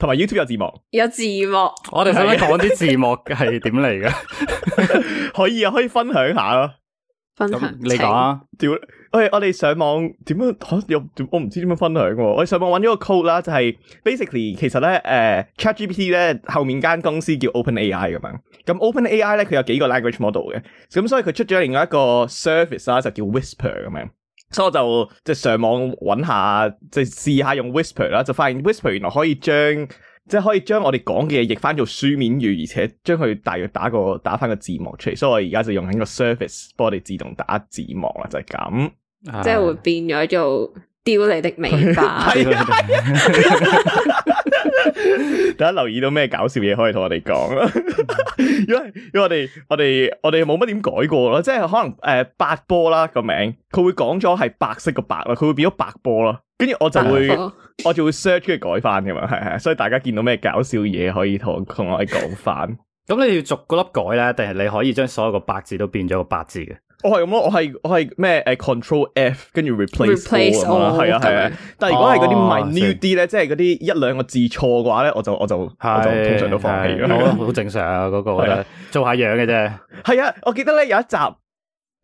同埋 YouTube 有字幕，有字幕。我哋可以講啲字幕係點嚟㗎？可以啊，可以分享下咯。分享你講啊？屌請，我哋我哋上網點樣？我唔知點樣分享喎。我上網搵咗個 code 啦，就係 basically 其實咧，誒、uh,，ChatGPT 咧後面間公司叫 OpenAI 咁樣 open。咁 OpenAI 咧佢有幾個 language model 嘅，咁所以佢出咗另外一個 service 啦，就叫 Whisper 咁樣。所以我就即係、就是、上網揾下，即係試下用 Whisper 啦，就發現 Whisper 原來可以將即係可以將我哋講嘅嘢譯翻做書面語，而且將佢大約打個打翻個字幕出嚟。所以我而家就用緊個 service 幫我哋自動打字幕啦，就係、是、咁。啊、即係會變咗做丟你的尾巴。 大家留意到咩搞笑嘢可以同我哋講？因 為，因為我哋我哋我哋冇乜點改過咯，即係可能誒、呃、白波啦個名，佢會講咗係白色個白啦，佢會變咗白波咯，跟住我就會 我就會 search 佢改翻噶嘛，係係，所以大家見到咩搞笑嘢可以同同我哋講翻。咁 你要逐個粒改咧，定係你可以將所有個白字都變咗個白字嘅？我係咁咯，我係我係咩？誒、uh,，control F 跟住 replace 啊嘛 Re、哦，係啊係啊。啊但係如果係嗰啲唔係 new 啲咧，些的即係嗰啲一兩個字錯嘅話咧，我就我就是我就通常都放棄咯。好的 正常啊，嗰、那個、啊、做下樣嘅啫。係啊，我記得咧有一集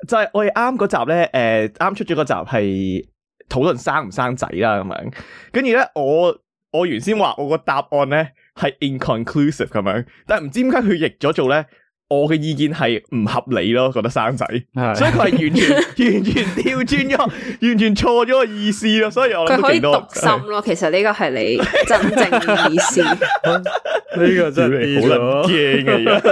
就係、是、我哋啱嗰集咧，誒、呃、啱出咗嗰集係討論生唔生仔啦咁樣。跟住咧，我我原先話我個答案咧係 inconclusive 咁樣，但係唔知點解佢譯咗做咧。我嘅意見係唔合理咯，覺得生仔，是的 所以佢係完全 完全調轉咗，完全錯咗個意思咯。所以我諗到點多，心咯的。其實呢個係你真正嘅意思，呢 個真係好驚嘅嘢，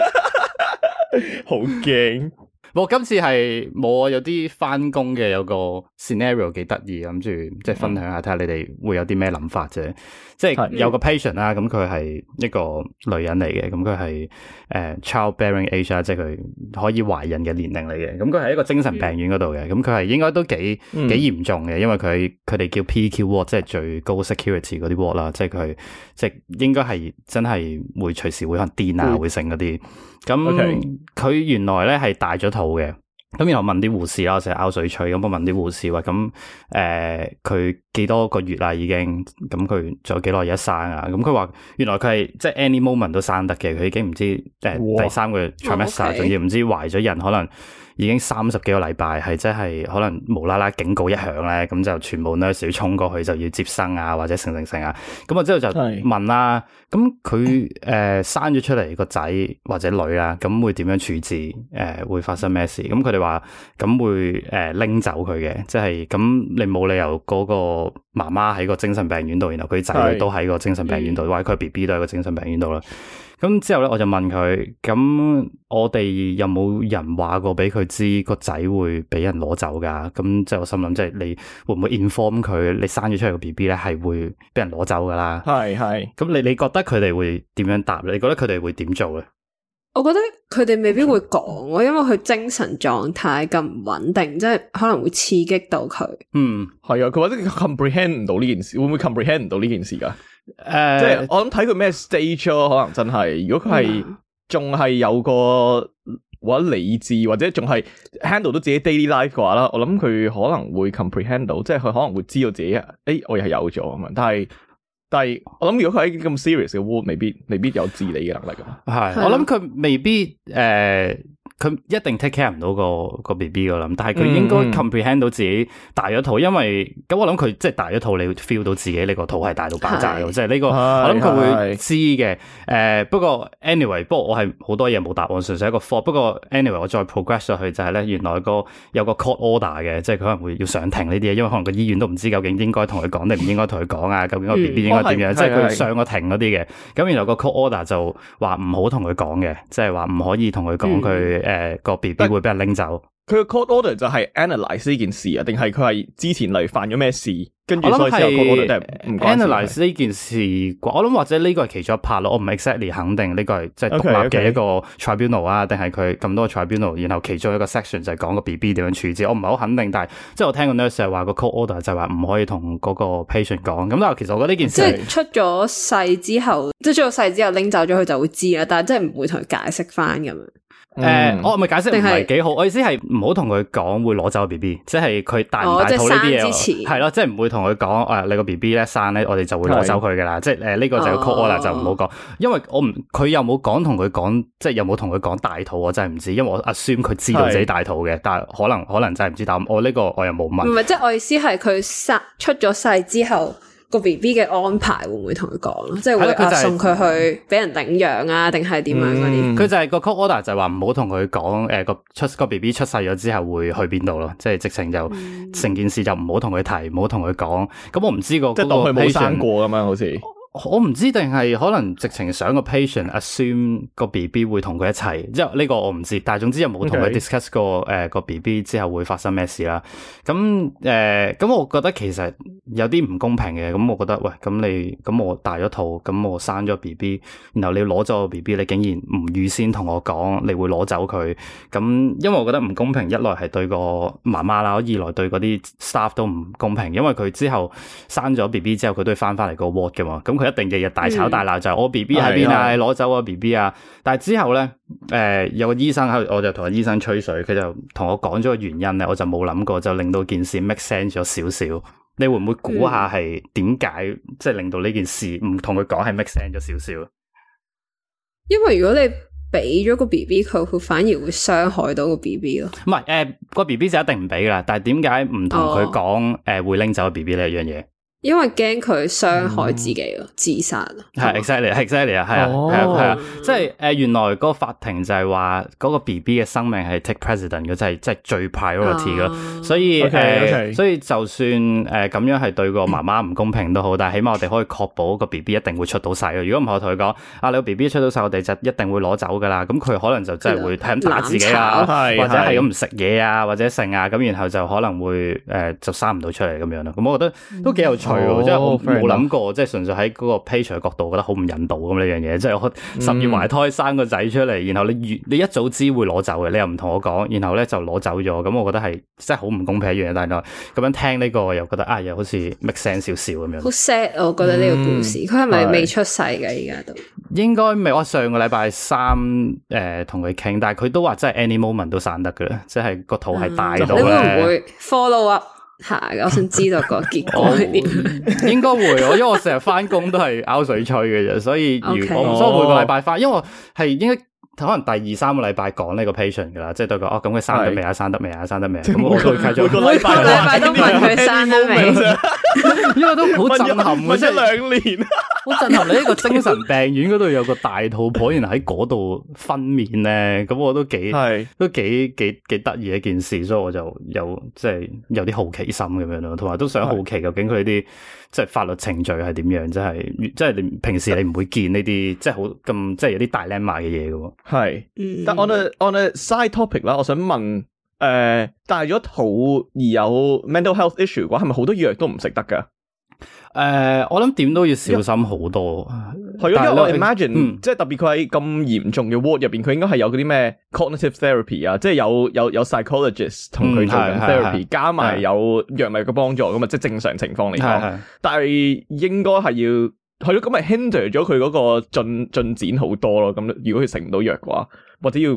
好驚啊。 怕 我今次係冇啊，有啲翻工嘅有個 scenario 幾得意，諗住即係分享下，睇下你哋會有啲咩諗法啫。即係有個 patient 啦、嗯，咁佢係一個女人嚟嘅，咁佢係誒 childbearing age 即係佢可以懷孕嘅年齡嚟嘅。咁佢係一個精神病院嗰度嘅，咁佢係應該都幾、嗯、幾嚴重嘅，因為佢佢哋叫 PQ ward，即係最高 security 嗰啲 ward 啦，即係佢即係應該係真係會隨時會可能癲啊，會成嗰啲。嗯咁佢、嗯、Okay. 原來咧係大咗肚嘅，咁然後問啲護士啦，成日拗水吹咁，我問啲護士話：咁誒佢幾多個月啦已經？咁佢仲有幾耐一生啊？咁佢話原來佢係即係 any moment 都生得嘅，佢已經唔知誒哇第三個 trimester 仲要唔知懷咗人可能。已經三十幾個禮拜，係真係可能無啦啦警告一響咧，咁就全部咧醫生衝過去就要接生啊，或者成成成啊，咁啊之後就問啦，咁佢誒生咗出嚟個仔或者女啦，咁會點樣處置？誒、呃、會發生咩事？咁佢哋話咁會誒拎、呃、走佢嘅，即係咁你冇理由嗰個媽媽喺個精神病院度，然後佢仔女都喺個精神病院度，是或者佢 B B 都喺個精神病院度啦。咁之後咧，我就問佢，咁我哋有冇人話過畀佢知個仔會畀人攞走噶？咁我心諗，即係你會唔會 inform 佢，你生咗出嚟個 B B 咧，係會畀人攞走噶啦？係係。咁你你覺得佢哋會點樣答咧？你覺得佢哋會點做咧？我覺得佢哋未必會講，因為佢精神狀態咁唔穩定，即係可能會刺激到佢。嗯，係啊，佢或者 comprehend 唔到呢件事，會唔會 comprehend 唔到呢件事噶？誒，uh, 即係我諗睇佢咩 stage 咯，啊，可能真係，如果佢係仲係有個或者理智，或者仲係 handle 到自己 daily life 嘅話啦，我諗佢可能會 comprehend 到，即係佢可能會知道自己誒，欸，我又係有咗啊嘛。但係但係，我諗如果佢喺咁 serious 嘅 world 未必未必有自理嘅能力噶。係的，我諗佢未必誒。Uh, 佢一定 take care 唔到個個 B B 噶啦，但係佢應該 comprehend 到自己大咗肚，因為咁我諗佢即係大咗肚，你 feel 到自己呢個肚係大到爆炸，即係呢個我諗佢會知嘅。誒，不過 anyway，不過我係好多嘢冇答案，純粹一個 for，不過 anyway，我再 progress 咗去就係咧，原來個有個 court order 嘅，即係佢可能會要上庭呢啲嘢，因為可能個醫院都唔知究竟應該同佢講定唔應該同佢講啊，究竟個 B B 應該點樣，即係佢上個庭嗰啲嘅。咁原來個 court order 就話唔好同佢講嘅，即係話唔可以同佢講佢。誒、呃，個 B B 會俾人拎走，佢嘅 court order 就係 analyze 呢件事啊，定係佢係之前嚟犯咗咩事？所以我諗係 analyze 呢件事，我諗或者呢個係其中一 part 咯，我唔 exactly 肯定呢個係即係獨立嘅一個 tribunal 啊，定係佢咁多 tribunal，然後其中一個 section 就講個 B B 點樣處置，我唔係好肯定，但係即係我聽過個 nurse 係話個 call order 就話唔可以同嗰個 patient 講，咁但係其實我覺得呢件事即係出咗世之，之後，即係出咗世之後拎走咗佢就會知啦，但係真係唔會同佢解釋翻咁樣。誒、嗯嗯，我咪解釋定係幾好，我意思係唔好同佢講會攞走 B B，即係佢大唔大肚呢啲嘢，係咯，即係唔會。同佢講誒，你個 B B 咧生咧，我哋就會攞走佢噶啦。是即係誒，呢、呃這個就，call order,、oh. 就要 call 我啦，就唔好講。因為我唔，佢又冇講同佢講，即係有冇同佢講大肚，我真係唔知。因為我 assume 佢知道自己大肚嘅，是但係可能可能真係唔知道。我、哦、呢、這個我又冇問。唔係，即、就、係、是、我意思係佢生出咗世之後。個 B B 嘅安排會唔會同佢講？即係會唔會送佢去俾人領養啊？定係點樣嗰啲？佢、嗯、就係個 court order 就係話唔好同佢講誒個、BB、出個 B B 出世咗之後會去邊度咯，即係直情就成、嗯、件事就唔好同佢提，唔、那個、好同佢講。咁我唔知個即係當佢冇生過咁樣好似。我唔知定係可能直情上個 patient assume 個 B B 會同佢一齊，之後呢個我唔知，但係總之又冇同佢 discuss 過誒個 B B 之後會發生咩事啦。咁誒咁，我覺得其實有啲唔公平嘅。咁、嗯、我覺得喂，咁、嗯、你咁、嗯、我大咗肚，咁、嗯、我生咗 B B，然後你攞咗個 B B，你竟然唔預先同我講你會攞走佢，咁、嗯、因為我覺得唔公平，一來係對個媽媽啦，二來對嗰啲 staff 都唔公平，因為佢之後生咗 B B 之後佢都要翻返嚟個 ward 嘅嘛。咁、嗯嗯嗯一定日日大吵大鬧、嗯、就係我 B B 喺邊啊，攞、嗯、走我 B B 啊！但係之後咧，誒、呃、有個醫生喺度，我就同個醫生吹水，佢就同我講咗個原因咧，我就冇諗過就令到件事 make sense 咗少少。你會唔會估下係點解即係令到呢件事唔同佢講係 make sense 咗少少？因為如果你俾咗個 B B 佢，反而會傷害到個 B B 咯。唔係誒，呃那個 B B 就一定唔俾噶啦。但係點解唔同佢講誒會拎走個 B B 呢一樣嘢？因為驚佢傷害自己咯，mm. 自殺咯，係 exactly, exactly，啊，係、呃、啊，係啊，即係誒原來個法庭就係話嗰個 B B 嘅生命係 take president 嘅，即係即係最 priority 嘅，oh. 所以，okay, okay. 所以，所以就算誒咁、呃、樣係對個媽媽唔公平都好， 但係起碼我哋可以確保個 B B 一定會出到世。如果唔係我同佢講啊，你個 B B 出到世，我哋就一定會攞走㗎啦。咁佢可能就真係會係咁打自己啊，或者係咁唔食嘢啊，或者剩啊，咁然後就可能會誒、呃、就生唔到出嚟咁樣啦。咁我覺得都幾有趣。Mm. 係，哦、即係我冇諗過，哦、即係純粹喺嗰個 picture 角度覺得好唔引導咁呢樣嘢。即係、嗯、我十月懷胎生個仔出嚟，然後你越你一早知會攞走嘅，你又唔同我講，然後咧就攞走咗。咁我覺得係即係好唔公平一樣。但係咁樣聽呢、這個又覺得啊，又好似 make sense 少少咁樣。好 sad，我覺得呢個故事，佢係咪未出世嘅？而家的都應該未。我上個禮拜三誒同佢傾，但係佢都話真係 any moment 都生得噶，即係個肚係大到咧。Follow 啊！係，我想知道個結果係點，應該會。我 因為我成日翻工都係拗水吹嘅啫，所以如果所以 Okay. 每個禮拜翻，因為我係應該可能第二三個禮拜講呢個 patient 噶啦，即係對佢哦，咁佢生得未啊是？生得未啊？生得未？咁我繼續每個禮拜都問佢生得未。 因為都好震撼嘅，即係兩年，好震撼你呢 個精神病院嗰度有個大肚婆，原來喺嗰度分娩咧，咁我都幾是都幾幾幾得意一件事，所以我就有即係、就是、有啲好奇心咁樣咯，同埋都想好奇究竟佢啲是即係法律程序係點樣，即係即係你平時你唔會見呢啲是即係好咁即係有啲大 dilemma 嘅嘢嘅喎。係，嗯、但 on a, on a side topic 啦，我想問誒，如、呃、果肚而有 mental health issue 嘅話，係咪好多藥都唔食得噶？誒，uh, 我諗點都要小心好多，係咯為，是因為我 imagine，、嗯、即係特別佢喺咁嚴重嘅 ward 入邊，佢應該係有嗰啲咩 cognitive therapy 啊，即係有有有 psychologist 同佢做緊 therapy，加埋有藥物嘅幫助咁嘛。是是即係正常情況嚟講，是是是但係應該係要係咯，咁咪 hinder 咗佢嗰個進進展好多咯，咁如果佢食唔到藥嘅話，或者要。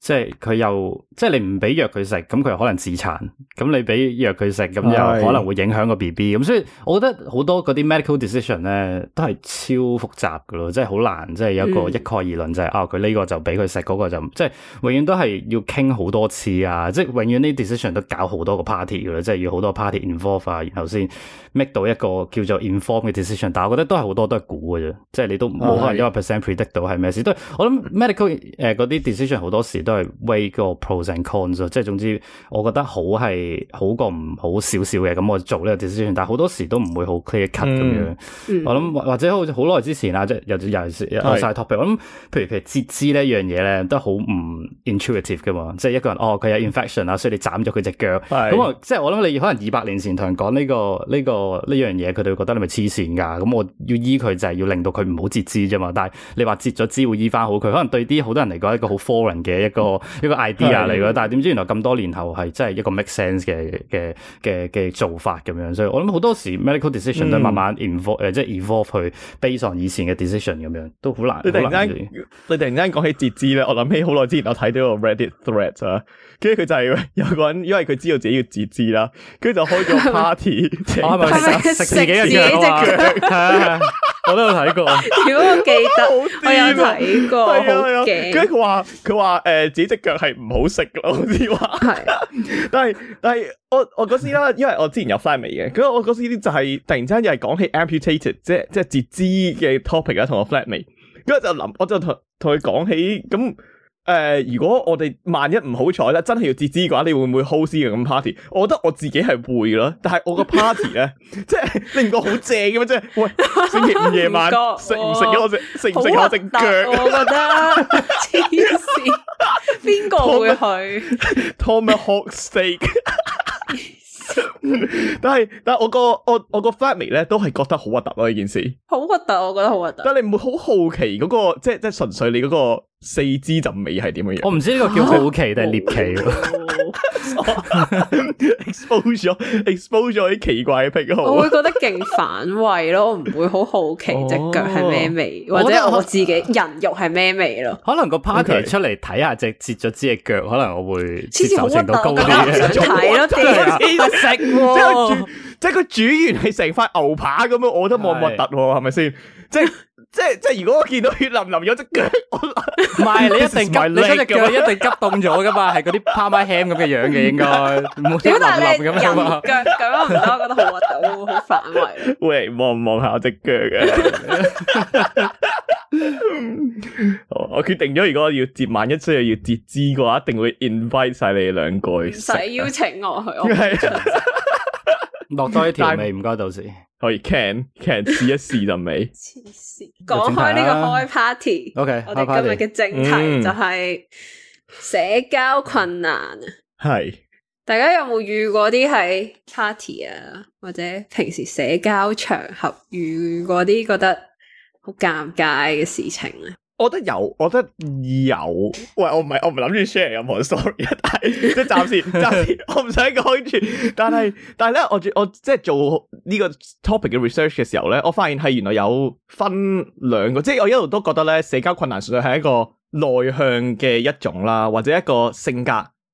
即係佢又，即係你唔俾藥佢食，咁佢又可能自殘，咁你俾藥佢食，咁又可能會影響個 BB。咁所以我覺得好多嗰啲 medical decision 咧，都係超複雜噶咯，即係好難，即係有一個一概而論就係、是、啊，佢呢、嗯、個就俾佢食，嗰、那個就即係永遠都係要傾好多次啊，即係永遠呢 decision 都搞好多個 party 噶啦，即係要好多 party involve 啊，然後先 make 到一個叫做 inform 嘅 decision。但係我覺得都係好多都係估嘅啫，即係你都冇可能一百 percent predict 到係咩事。都係的我諗 medical 誒、呃、嗰啲 decision 好多時都係 weigh 個 pros and cons 咯，即係總之我覺得好係好過唔好少少嘅，咁我做呢個 decision，但係好多時都唔會好 clear cut 咁樣。嗯、我諗或者好似好耐之前啦，即係又又晒 topic 是。我諗譬如譬如截肢呢一樣嘢咧，都好唔 intuitive 嘅嘛。即係一個人哦，佢有 infection 啊，所以你斬咗佢隻腳。咁啊是，即係我諗你可能二百年前同人講呢、呢個呢、呢個呢樣嘢，佢哋會覺得你咪黐線㗎。咁我要醫佢就係要令到佢唔好截肢啫嘛。但係你話截咗肢會醫翻好，佢可能對啲好多人嚟講一個好 foreign 嘅一個，一個一個 idea 嚟嘅，但係點知原來咁多年後係真係一個 make sense 嘅嘅嘅嘅做法咁樣，所以我諗好多時 medical decision 咧、嗯、慢慢 evolve 誒、呃、即、就、係、是、evolve 去 base on 以前嘅 decision 咁樣，都好難。你突然間你突然間講起截肢咧，我諗起好耐之前我睇到個 Reddit thread 啊。跟住佢就係有個人，因為佢知道自己要截肢啦，跟住就開咗 party，食自己嘅腳啊！ 我都有睇過，如果我記得，我，好啊、我有睇過，啊、好勁。跟住佢話佢話誒，自己隻腳係唔好食噶，好似話係。但係但係我我嗰時啦，因為我之前有 flat me 嘅，咁我嗰時就係突然之間又係講起 amputated，即係即係截肢嘅 topic 啊，同我 flat 尾，跟住就諗我就同同佢講起咁。誒、呃，如果我哋萬一唔好彩咧，真係要截肢嘅話，你會唔會 host 嘅咁 party？我覺得我自己係會咯，但係我個 party 咧， 即係你唔覺好正嘅咩？即係喂，星期五夜晚 得食唔食咗隻、哦，食唔食，食我隻腳？我覺得黐線，邊 個 會去 Tomahawk steak， 但係但係我個我我個 family 咧都係覺得好核突咯，呢件事好核突，我覺得好核突。 但你唔會好好奇嗰、那個，即係即係純粹你嗰、那個。四肢嘅味係點樣？我唔知呢個叫好奇定係獵奇咯。expose expose 啲奇怪嘅癖好，我會覺得勁反胃咯，唔 會好好奇、哦、隻腳係咩味，或者我自己人肉係咩味咯？啊、可能個 party Okay. 出嚟睇下隻截咗肢嘅腳，可能我會接受程度高啲。睇咯， 點食？即係佢煮完係成塊牛扒咁樣，我都冇乜核突，係咪先？即係。 是 即係即係，如果我見到血淋淋有隻腳，唔係你一定你嗰隻腳一定急凍咗㗎嘛？係嗰啲 Parma ham 咁嘅樣嘅應該。點但係你腳咁樣唔得，我覺得好核突，好反胃。喂，望唔望下我隻腳嘅？我我決定咗，如果要截，萬一需要截肢嘅話，一定會 invite 晒你兩個。唔使邀請我去，我係。落多一條尾，唔該但，到時可以 can can 試一試就未？黐線 病，講開呢個開 party，okay, 我哋今日嘅正題 high party.、嗯、就係社交困難啊！係是，大家有冇遇過啲喺 party 啊，或者平時社交場合遇過啲覺得好尷尬嘅事情啊？我覺得有，我覺得有。喂，我唔係，我唔諗住 share 任何 story， 即係暫時，暫時我唔想講住。但係，但係咧，我我即係做呢個 topic 嘅 research 嘅時候咧，我發現係原來有分兩個，即係我一路都覺得咧，社交困難屬於係一個內向嘅一種啦，或者一個性格。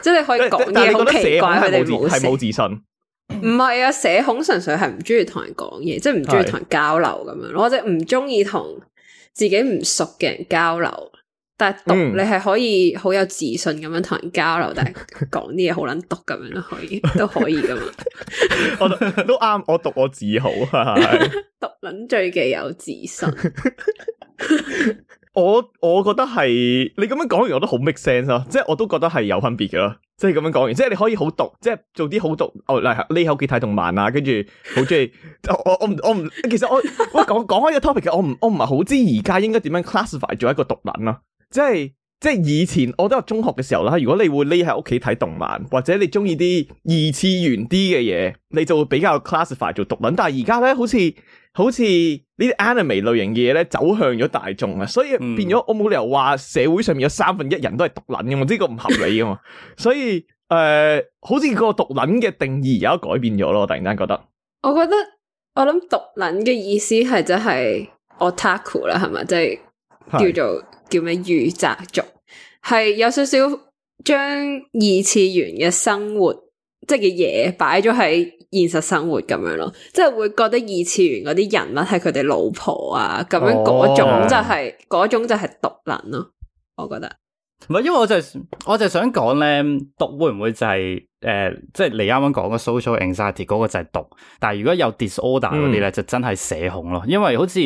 即係你可以講嘢好奇怪，佢哋冇自信。唔係啊，社恐純粹係唔中意同人講嘢，即係唔中意同人交流咁樣咯，即係唔中意同自己唔熟嘅人交流。但係毒、嗯、你係可以好有自信咁樣同人交流，但係講啲嘢好撚毒咁樣都可以都 可以噶嘛。 我都啱，我毒我自豪， 毒撚最嘅有自信。 我我覺得係你咁樣講完我都好 make sense 咯，即係我都覺得係有分別嘅咯，即係咁樣講完，即係你可以好毒，即係做啲好毒。哦，嗱，匿喺屋企睇動漫啊，跟住好中意。我我我唔，其實我我講講開呢個 topic 我唔我唔係好知而家應該點樣 classify 做一個毒撚咯。即係即係以前我都有中學嘅時候啦，如果你會匿喺屋企睇動漫，或者你中意啲二次元啲嘅嘢，你就會比較 classify 做毒撚。但係而家咧好似～好似呢啲 anime 類型嘅嘢咧，走向咗大眾啊，所以變咗我冇理由話社會上面有三分一人都係毒撚嘅，呢個唔合理啊嘛。 所以誒、呃，好似個毒撚嘅定義而家改變咗咯，我突然間覺，覺得。我覺得我諗毒撚嘅意思係就係 otaku 啦，係咪？即、就、係、是、叫做是叫咩御宅族，係有少少將二次元嘅生活即嘅嘢擺咗喺。就是現實生活咁樣咯，即係會覺得二次元嗰啲人物係佢哋老婆啊，咁樣嗰種就係、是、嗰、oh, yeah. 種就係毒撚咯，我覺得。唔係，因為我就是、我就想講咧，毒會唔會就係、是、誒，即、呃、係、就是、你啱啱講嘅 social anxiety 嗰個就係毒，但係如果有 disorder 嗰啲咧，mm. 就真係社恐咯。因為好似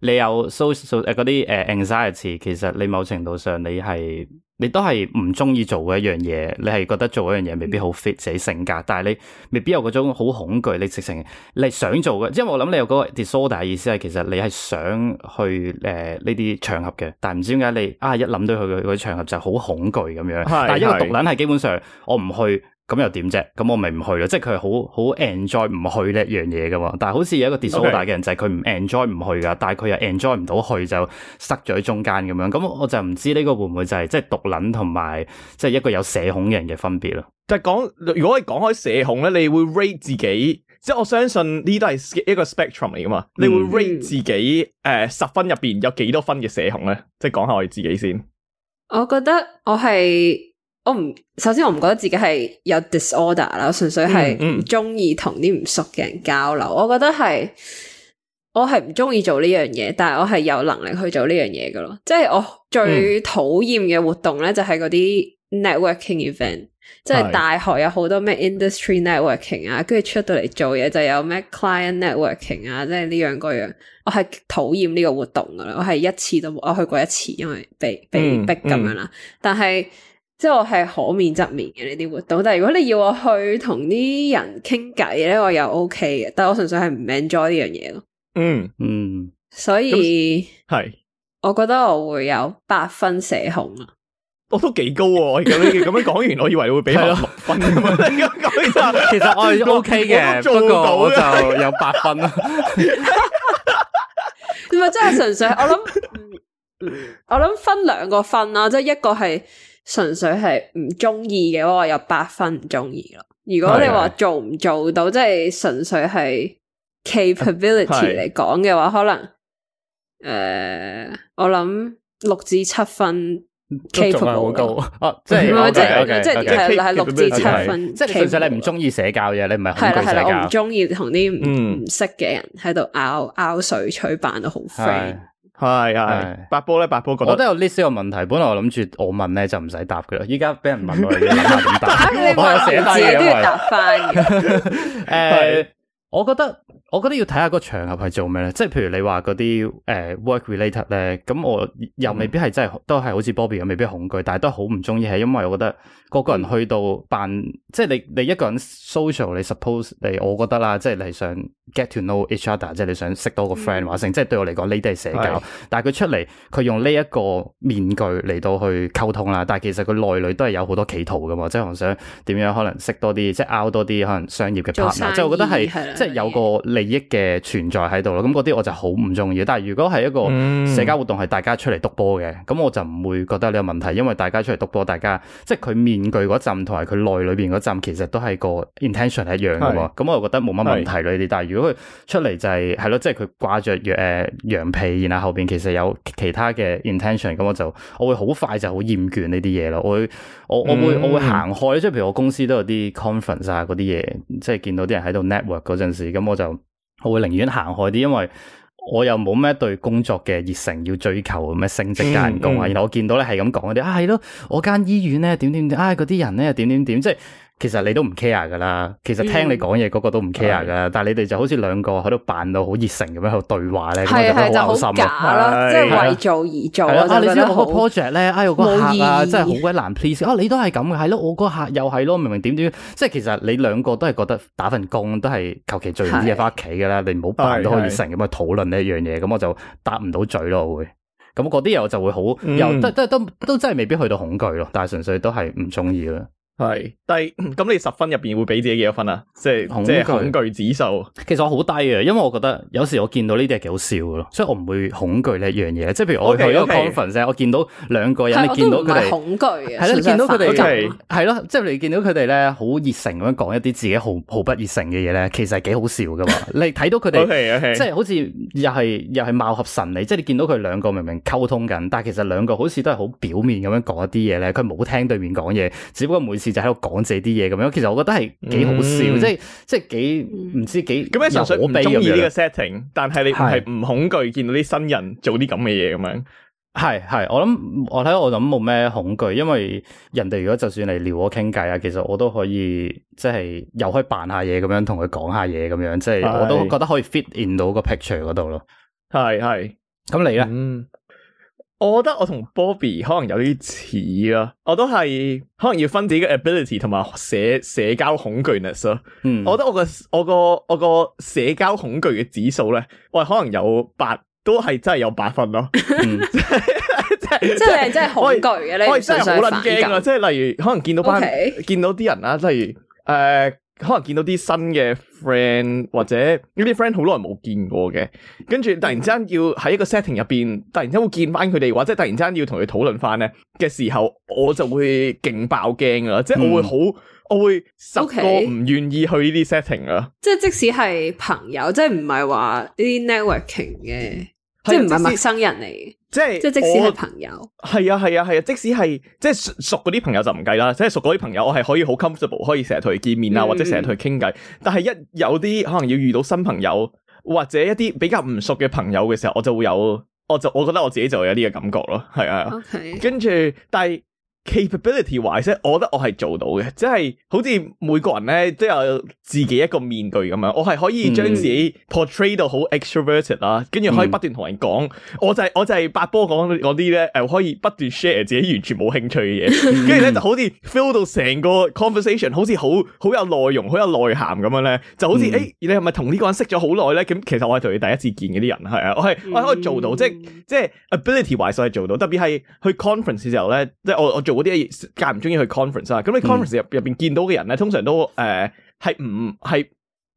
你有 social 誒啲誒 anxiety，其實你某程度上你係。你都係唔中意做嘅一樣嘢，你係覺得做嗰樣嘢未必好 fit 自己性格，但係你未必有嗰種好恐懼，你直情你想做嘅，因為我諗你有嗰個 disorder 意思係，其實你係想去誒呢啲場合嘅，但係唔知點解你啊一諗到佢嘅嗰啲場合就好恐懼咁樣，是但係因為毒撚係基本上我唔去。咁又點啫？咁我咪唔去咯，即係佢係好好 enjoy 唔去呢樣嘢噶嘛。但係好似有一個 detail 好大嘅人 Okay. 就係佢唔 enjoy 唔去噶，但係佢又 enjoy 唔到去就塞咗喺中間咁樣。咁我就唔知呢個會唔會就係、是、即係毒撚同埋即係一個有社恐嘅人嘅分別咯。就講如果係講開社恐咧，你會 rate 自己，即係我相信呢都係一個 spectrum 嚟噶嘛。你會 rate 自己誒、嗯呃、十分入邊有幾多分嘅社恐咧？即係講下我自己先。我覺得我係。我唔，首先，我唔覺得自己係有 disorder 啦，純粹係唔中意同啲唔熟嘅人交流。嗯嗯、我覺得係我係唔中意做呢樣嘢，但係我係有能力去做呢樣嘢噶咯。即係我最討厭嘅活動咧，嗯、就係嗰啲 networking event、嗯。即係大學有好多咩 industry networking 啊，跟住是出到嚟做嘢就有咩 client networking 啊，即係呢樣嗰樣，我係討厭呢個活動噶啦。我係一次都冇我去過一次，因為被被逼咁樣啦、嗯嗯嗯，但係。即係我係可免則免嘅呢啲活動，但係如果你要我去同啲人傾偈咧，我又 OK 嘅。但係我純粹係唔 enjoy 呢樣嘢咯。嗯所以 嗯，所以係，我覺得我會有八分社恐啊，我都幾高。我而家咁樣講完， 我以為會俾我六分。點解咁樣？其實我係 OK 嘅，到不過我就有八分咯。你咪真係純粹？我諗，我諗分兩個分啦，即係一個係。純粹係唔中意嘅話，我有八分唔中意咯。如果你話做唔做到，即係純粹係 capability 嚟講嘅話，可能誒，我諗六至七分。都仲係好高啊！即係即係即係係六至七分。即係純粹你唔中意社交嘅，你唔係好中意社交。我唔中意同啲唔識嘅人喺度拗拗水取扮到好 friend。係呀係呀，八的波咧，八波覺得我都有呢些個問題。本來我諗住我問咧就唔使答嘅啦，而家畀人問我，點 答？ 波我寫低啊，答返。 uh 我覺得我覺得要睇下個場合係做咩咧，即係譬如你話嗰啲誒 work related 咧、嗯，咁我又未必係真係都係好似 Bobby 咁未必恐懼，但係都係好唔中意係因為我覺得個個人去到扮，嗯、即係你你一個人 social，你 suppose 你我覺得啦，即係你係想 get to know each other，即係你想識多個 friend 話成、嗯，即係對我嚟講呢啲係社交，是但係佢出嚟佢用呢一個面具嚟到去溝通啦，但係其實佢內裏都係有好多企圖噶嘛，即係我想點樣可能識多啲，即係 out 多啲可能商業嘅 partner，即係我覺得係。即係有個利益嘅存在喺度咯，咁嗰啲我就好唔中意。但係如果係一個社交活動係大家出嚟篤波嘅，咁我就唔會覺得呢個問題，因為大家出嚟篤波，大家即係佢面具嗰陣同埋佢內裏邊嗰陣，其實都係個 intention 係一樣嘅喎。咁我就覺得冇乜問題咯呢啲。但係如果佢出嚟就係係咯，即係佢掛着羊羊皮，然後後邊其實有其他嘅 intention，咁我就我會好快就好厭倦呢啲嘢咯。我我我會我會行開。即係譬如我公司都有啲 conference 啊嗰啲嘢，即係見到啲人喺度 network 嗰陣。時咁我就我會寧願行開啲，因為我又冇咩對工作嘅熱誠，要追求咁嘅升職加人工啊。嗯嗯，然後我見到咧係咁講嗰啲啊，係咯，我間醫院咧點點點啊，嗰啲人咧點點點，即係。其實你都唔 care 噶啦，其實聽你講嘢嗰個都唔 care 噶，但係你哋就好似兩個喺度扮到好熱誠咁樣喺度對話咧，覺得好嘔心啊，即係為做而做。你知我嗰個 project 咧？哎喲，個客啊，真係好鬼難 please 啊！你都係咁嘅，係咯，我個客又係咯，明明點點？即係其實你兩個都係覺得打份工都係求其做完啲嘢翻屋企噶啦，你唔好扮到好熱誠咁去討論呢一樣嘢，咁我就答唔到嘴咯會。咁嗰啲我就會好又都都都真係未必去到恐懼咯，但係純粹都係唔中意啦。係，但係咁、嗯、你十分入邊會俾自己幾多分啊？即係懼即恐懼指數，其實我好低嘅，因為我覺得有時我見到呢啲係幾好笑嘅咯，所以我唔會恐懼呢一樣嘢。即係譬如我去一個 conference，、okay, okay 我見到兩個人，對你見到佢哋恐懼嘅係咯，見到佢哋係咯，即係你見到佢哋咧好熱誠咁樣講一啲自己毫毫不熱誠嘅嘢咧，其實係幾好笑噶嘛。 你睇到佢哋、okay, okay 即係好似又係又係貌合神離，即係你見到佢兩個明明溝通緊，但係其實兩個好似都係好表面咁樣講一啲嘢咧，佢冇聽對面講嘢，只不過每次。就喺度講自己啲嘢咁樣，其實我覺得係幾好笑，嗯即，即係即係幾唔知幾咁純粹我中意呢個 setting，但係你係唔恐懼見到啲新人做啲咁嘅嘢咁樣？係係，我諗我睇，我諗冇咩恐懼，因為人哋如果就算嚟撩我傾偈啊，其實我都可以即係又可以扮下嘢咁樣同佢講下嘢咁樣，即係是我都覺得可以 fit in 到個 picture 嗰度咯。係係，咁你咧？嗯我覺得我同 Bobby 可能有啲似啊。我都係可能要分自己嘅 ability 同埋社社交恐懼 ness 咯。嗯，我覺得我個我個我個社交恐懼嘅指數咧，喂，可能有八，都係、嗯、真係有八分咯。你真即係即係即係恐懼嘅你真係好撚驚啊。即係例如可能見到班、okay、見到啲人啦、啊，例如。誒、uh,。可能見到啲新嘅 friend 或者呢啲 friend 好耐冇見過嘅，跟住突然之間要喺一個 setting 入邊，突然之間會見翻佢哋嘅話，即係突然之間要同佢討論翻咧嘅時候，我就會勁爆驚噶啦，即係我會好，我會十個唔願意去呢啲 setting 啊，嗯、即係即使係朋友，即係唔係話啲 networking 嘅，即係唔係陌生人嚟。即係即係，即使朋友係啊係啊係啊，啊，即使係即係熟嗰啲朋友就唔計啦，即係熟嗰啲朋友我係可以好 comfortable，可以成日同佢見面啊，嗯、或者成日同佢傾偈。但係一有啲可能要遇到新朋友或者一啲比較唔熟嘅朋友嘅時候，我就會有，我就我覺得我自己就會有呢個感覺咯，係啊，Okay. 跟住但係。Capability-wise，我覺得我係做到嘅，即係好似每個人咧都有自己一個面具咁樣，我係可以將自己 portray 到好 extroverted 啦，跟住可以不斷同人講、嗯就是，我就係我就係八波講講啲咧，誒可以不斷 share 自己完全冇興趣嘅嘢，跟住咧就好似 feel 到成個 conversation 好似好好有內容、好有內涵咁樣咧，就好似誒、嗯哎、你係咪同呢個人識咗好耐咧？咁其實我係同你第一次見嘅啲人，係啊，我係、嗯、我係可以做到，嗯、即係即係 ability-wise 係做到，特別係去 conference 嘅時候咧，即係我我，我做。嗰啲嘢介唔中意去 conference 啊，咁你 conference 入入邊見到嘅人咧，通常都誒係唔係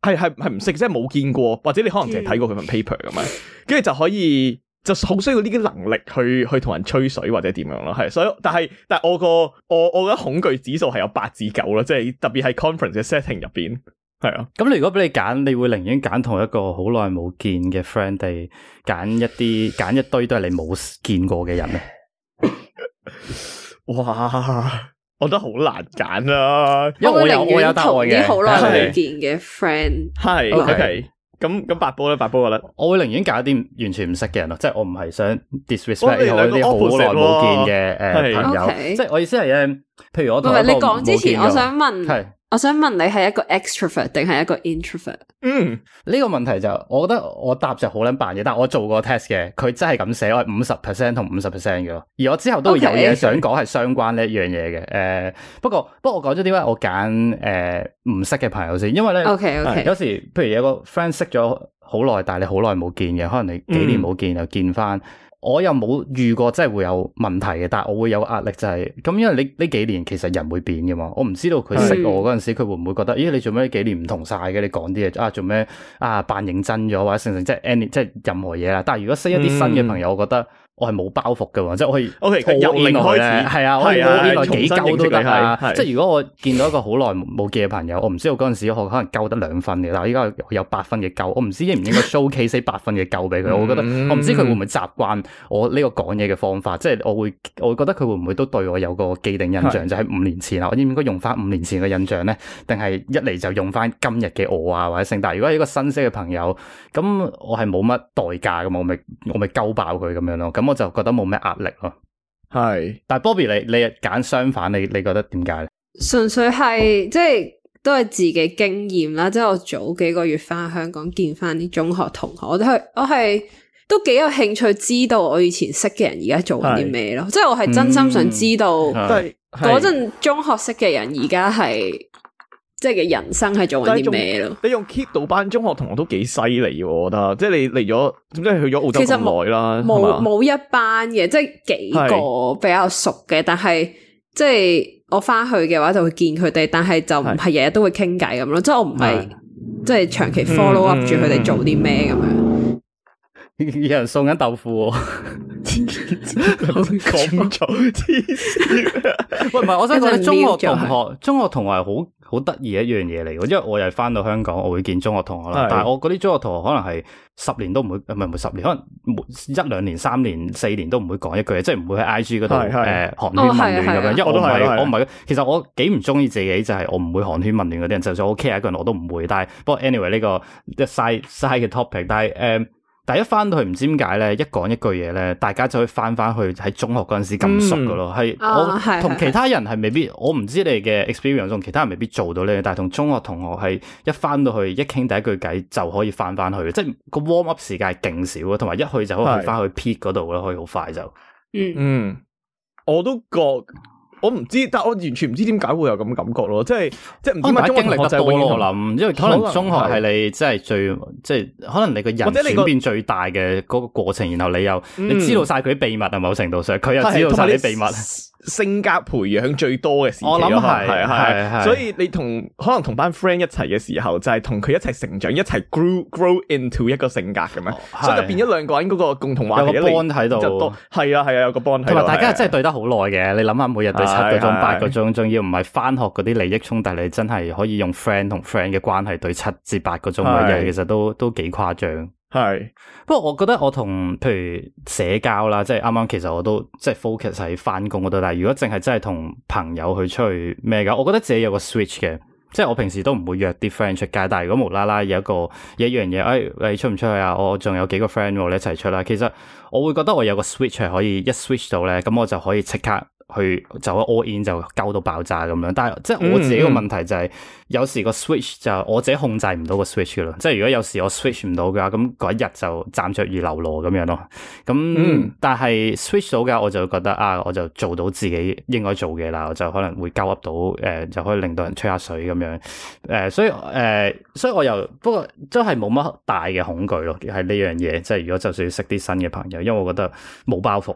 係係係唔識，即係冇見過，或者你可能淨係睇過佢份 paper 咁樣，跟住就可以就好需要呢啲能力去去同人吹水或者點樣咯，係所以但係但係我個我我覺得恐懼指數係有八至九咯，即係特別係 conference 嘅 setting 入邊係啊。咁你如果俾你揀，你會寧願揀同一個好耐冇見嘅 friend，定揀一啲揀一堆都係你冇見過嘅人咧？ 哇，我覺得好難揀啊！因為我有我有好耐冇見嘅 friend，係 OK，咁咁八波啦，八波噶啦，我會寧願揀一啲完全唔識嘅人咯，即係我唔係想 disrespect 我啲好耐冇見嘅誒朋友，即係我意思係誒，譬如我同你講之前，我想問。我想問你係一個 extrovert 定係一個 introvert？嗯，呢、這個問題就我覺得我答就好捻扮嘢，但係我做過 test 嘅，佢真係咁寫，我五十 percent 同五十 percent 嘅咯。而我之後都會有嘢想講係相關呢一樣嘢嘅，誒 Okay.、uh,，不過講、uh, 不過我講咗點解我揀誒唔識嘅朋友先，因為咧，OK OK，、uh, 有時譬如有個 friend 識咗好耐，但係你好耐冇見嘅，可能你幾年冇見、嗯、又見翻。我又冇遇過真係會有問題嘅，但係我會有壓力就係、是、咁，因為你呢幾年其實人會變嘅嘛。我唔知道佢識我嗰陣時，佢會唔會覺得，是咦你做咩呢幾年唔同晒嘅？你講啲嘢啊，做咩啊，扮認真咗或者成成即係 any 即係任何嘢啦。但係如果識一啲新嘅朋友，嗯、我覺得。我係冇包袱嘅，即係我係、okay，由零開始，係啊，我冇呢個幾鳩都得啊。啊即係如果我見到一個好耐冇見嘅朋友， 我唔知道嗰陣時我可能鳩得兩分嘅，但係依家有八分嘅鳩，我唔知應唔應該 showcase 八分嘅鳩俾佢。 我覺得我唔知佢會唔會習慣我呢個講嘢嘅方法。即係 我會，我覺得佢會唔會都對我有個既定印象，是就喺五年前啦。我應唔應該用翻五年前嘅印象咧？定係一嚟就用翻今日嘅我啊，或者剩？但係如果一個新識嘅朋友，咁我係冇乜代價嘅嘛，我咪我咪鳩爆佢咁樣咯。咁我就覺得冇咩壓力咯，係是。但係 Bobby，你你揀相反，你你覺得點解咧？純粹係即係都係自己經驗啦。即係我早幾個月翻香港見翻啲中學同學，我都係我係都幾有興趣知道我以前識嘅人而家做緊啲咩咯。是即係我係真心想知道嗰陣、嗯嗯、中學識嘅人而家係。即係嘅人生係做緊啲咩咯？你用 keep 到班中學同學都幾犀利，我覺得。即係你嚟咗，即係去咗澳洲其咁耐啦。冇冇一班嘅，即係幾個比較熟嘅。但係即係我翻去嘅話，就會見佢哋。但係就唔係日日都會傾偈咁咯。即係我唔係即係長期 follow up 住佢哋做啲咩咁樣。嗯、 有人送緊豆腐、哦， 講錯黐線。喂，唔係，我想講啲中學同學，中學同學好。好得意一樣嘢嚟嘅，因為我又係翻到香港，我會見中學同學啦。的但係我嗰啲中學同學可能係十年都唔會，唔係唔會十年，可能一兩年、三年、四年都唔會講一句，即係唔會喺 IG 嗰度誒寒暄問暖咁樣。哦、因為我唔係我唔係，的其實我幾唔中意自己，就係、是、我唔會寒暄問暖嗰啲人。就算我 care 一個人，我都唔會。但係不過 anyway 呢個即係嘥嘥嘅 topic，但係誒。Um, 第一翻到去唔知點解咧，一講一句嘢咧，大家就可以翻翻去喺中學嗰陣時咁熟噶咯，係、嗯、我同其他人係未必，我唔知你嘅 experience 同，其他人未必做到呢，但係同中學同學係一翻到去一傾第一句偈就可以翻翻去，即係個 warm up 時間係勁少啊，同埋一去就可以翻去 P 嗰度啦，是可以好快就，嗯，嗯，我都覺。我唔知，但我完全唔知點解會有咁嘅感覺咯，即係即係唔知點解經歷得多我諗，因為可能中學係你即係最即係，可能，可能你個人轉變最大嘅嗰個過程，那個、然後你又、嗯、你知道晒佢啲秘密，喺某程度上佢又知道晒你啲秘密。是是 性格培養最多嘅時候，我諗係係係，所以你同可能同班 friend 一齊嘅時候，就係同佢一齊成長，一齊 grow grow into 一個性格咁樣，哦、所以就變咗兩個人嗰個共同話題，有個 bond 喺度，就多係啊，係啊，有個 bond 喺度。同埋大家真係對得好耐嘅，你諗下每日對七個鐘八個鐘，仲要唔係翻學嗰啲利益衝突，你真係可以用 friend 同 friend 嘅關係對七至八個鐘嘅嘢，其實都都幾誇張。Right. 不過我覺得我同譬如社交啦，即係啱啱其實我都即係 focus 喺返工嗰度。但係如果淨係真係同朋友去出去咩㗎，我覺得自己有個 switch 嘅，即係我平時都唔會約啲 friend 出街。但係如果無啦啦有一個一樣嘢，哎，你出唔出去啊？我仲有幾個 friend 我哋一齊出啦。其實我會覺得我有個 switch 係可以一 switch 到咧，咁我就可以即刻。去就 all in 就救到爆炸咁樣，但係即係我自己個問題就係、是嗯嗯、有時個 switch 就我自己控制唔到個 switch 咯，即係如果有時我 switch 唔到嘅話，咁嗰一日就站着如嘍囉咁樣咯。咁但係 switch 到嘅我就覺得啊，我就做到自己應該做嘅啦，我就可能會鳩噏到誒、呃，就可以令到人吹下水咁樣誒、呃，所以誒、呃，所以我又不過真係冇乜大嘅恐懼咯，係呢樣嘢，即係如果就算識啲新嘅朋友，因為我覺得冇包袱。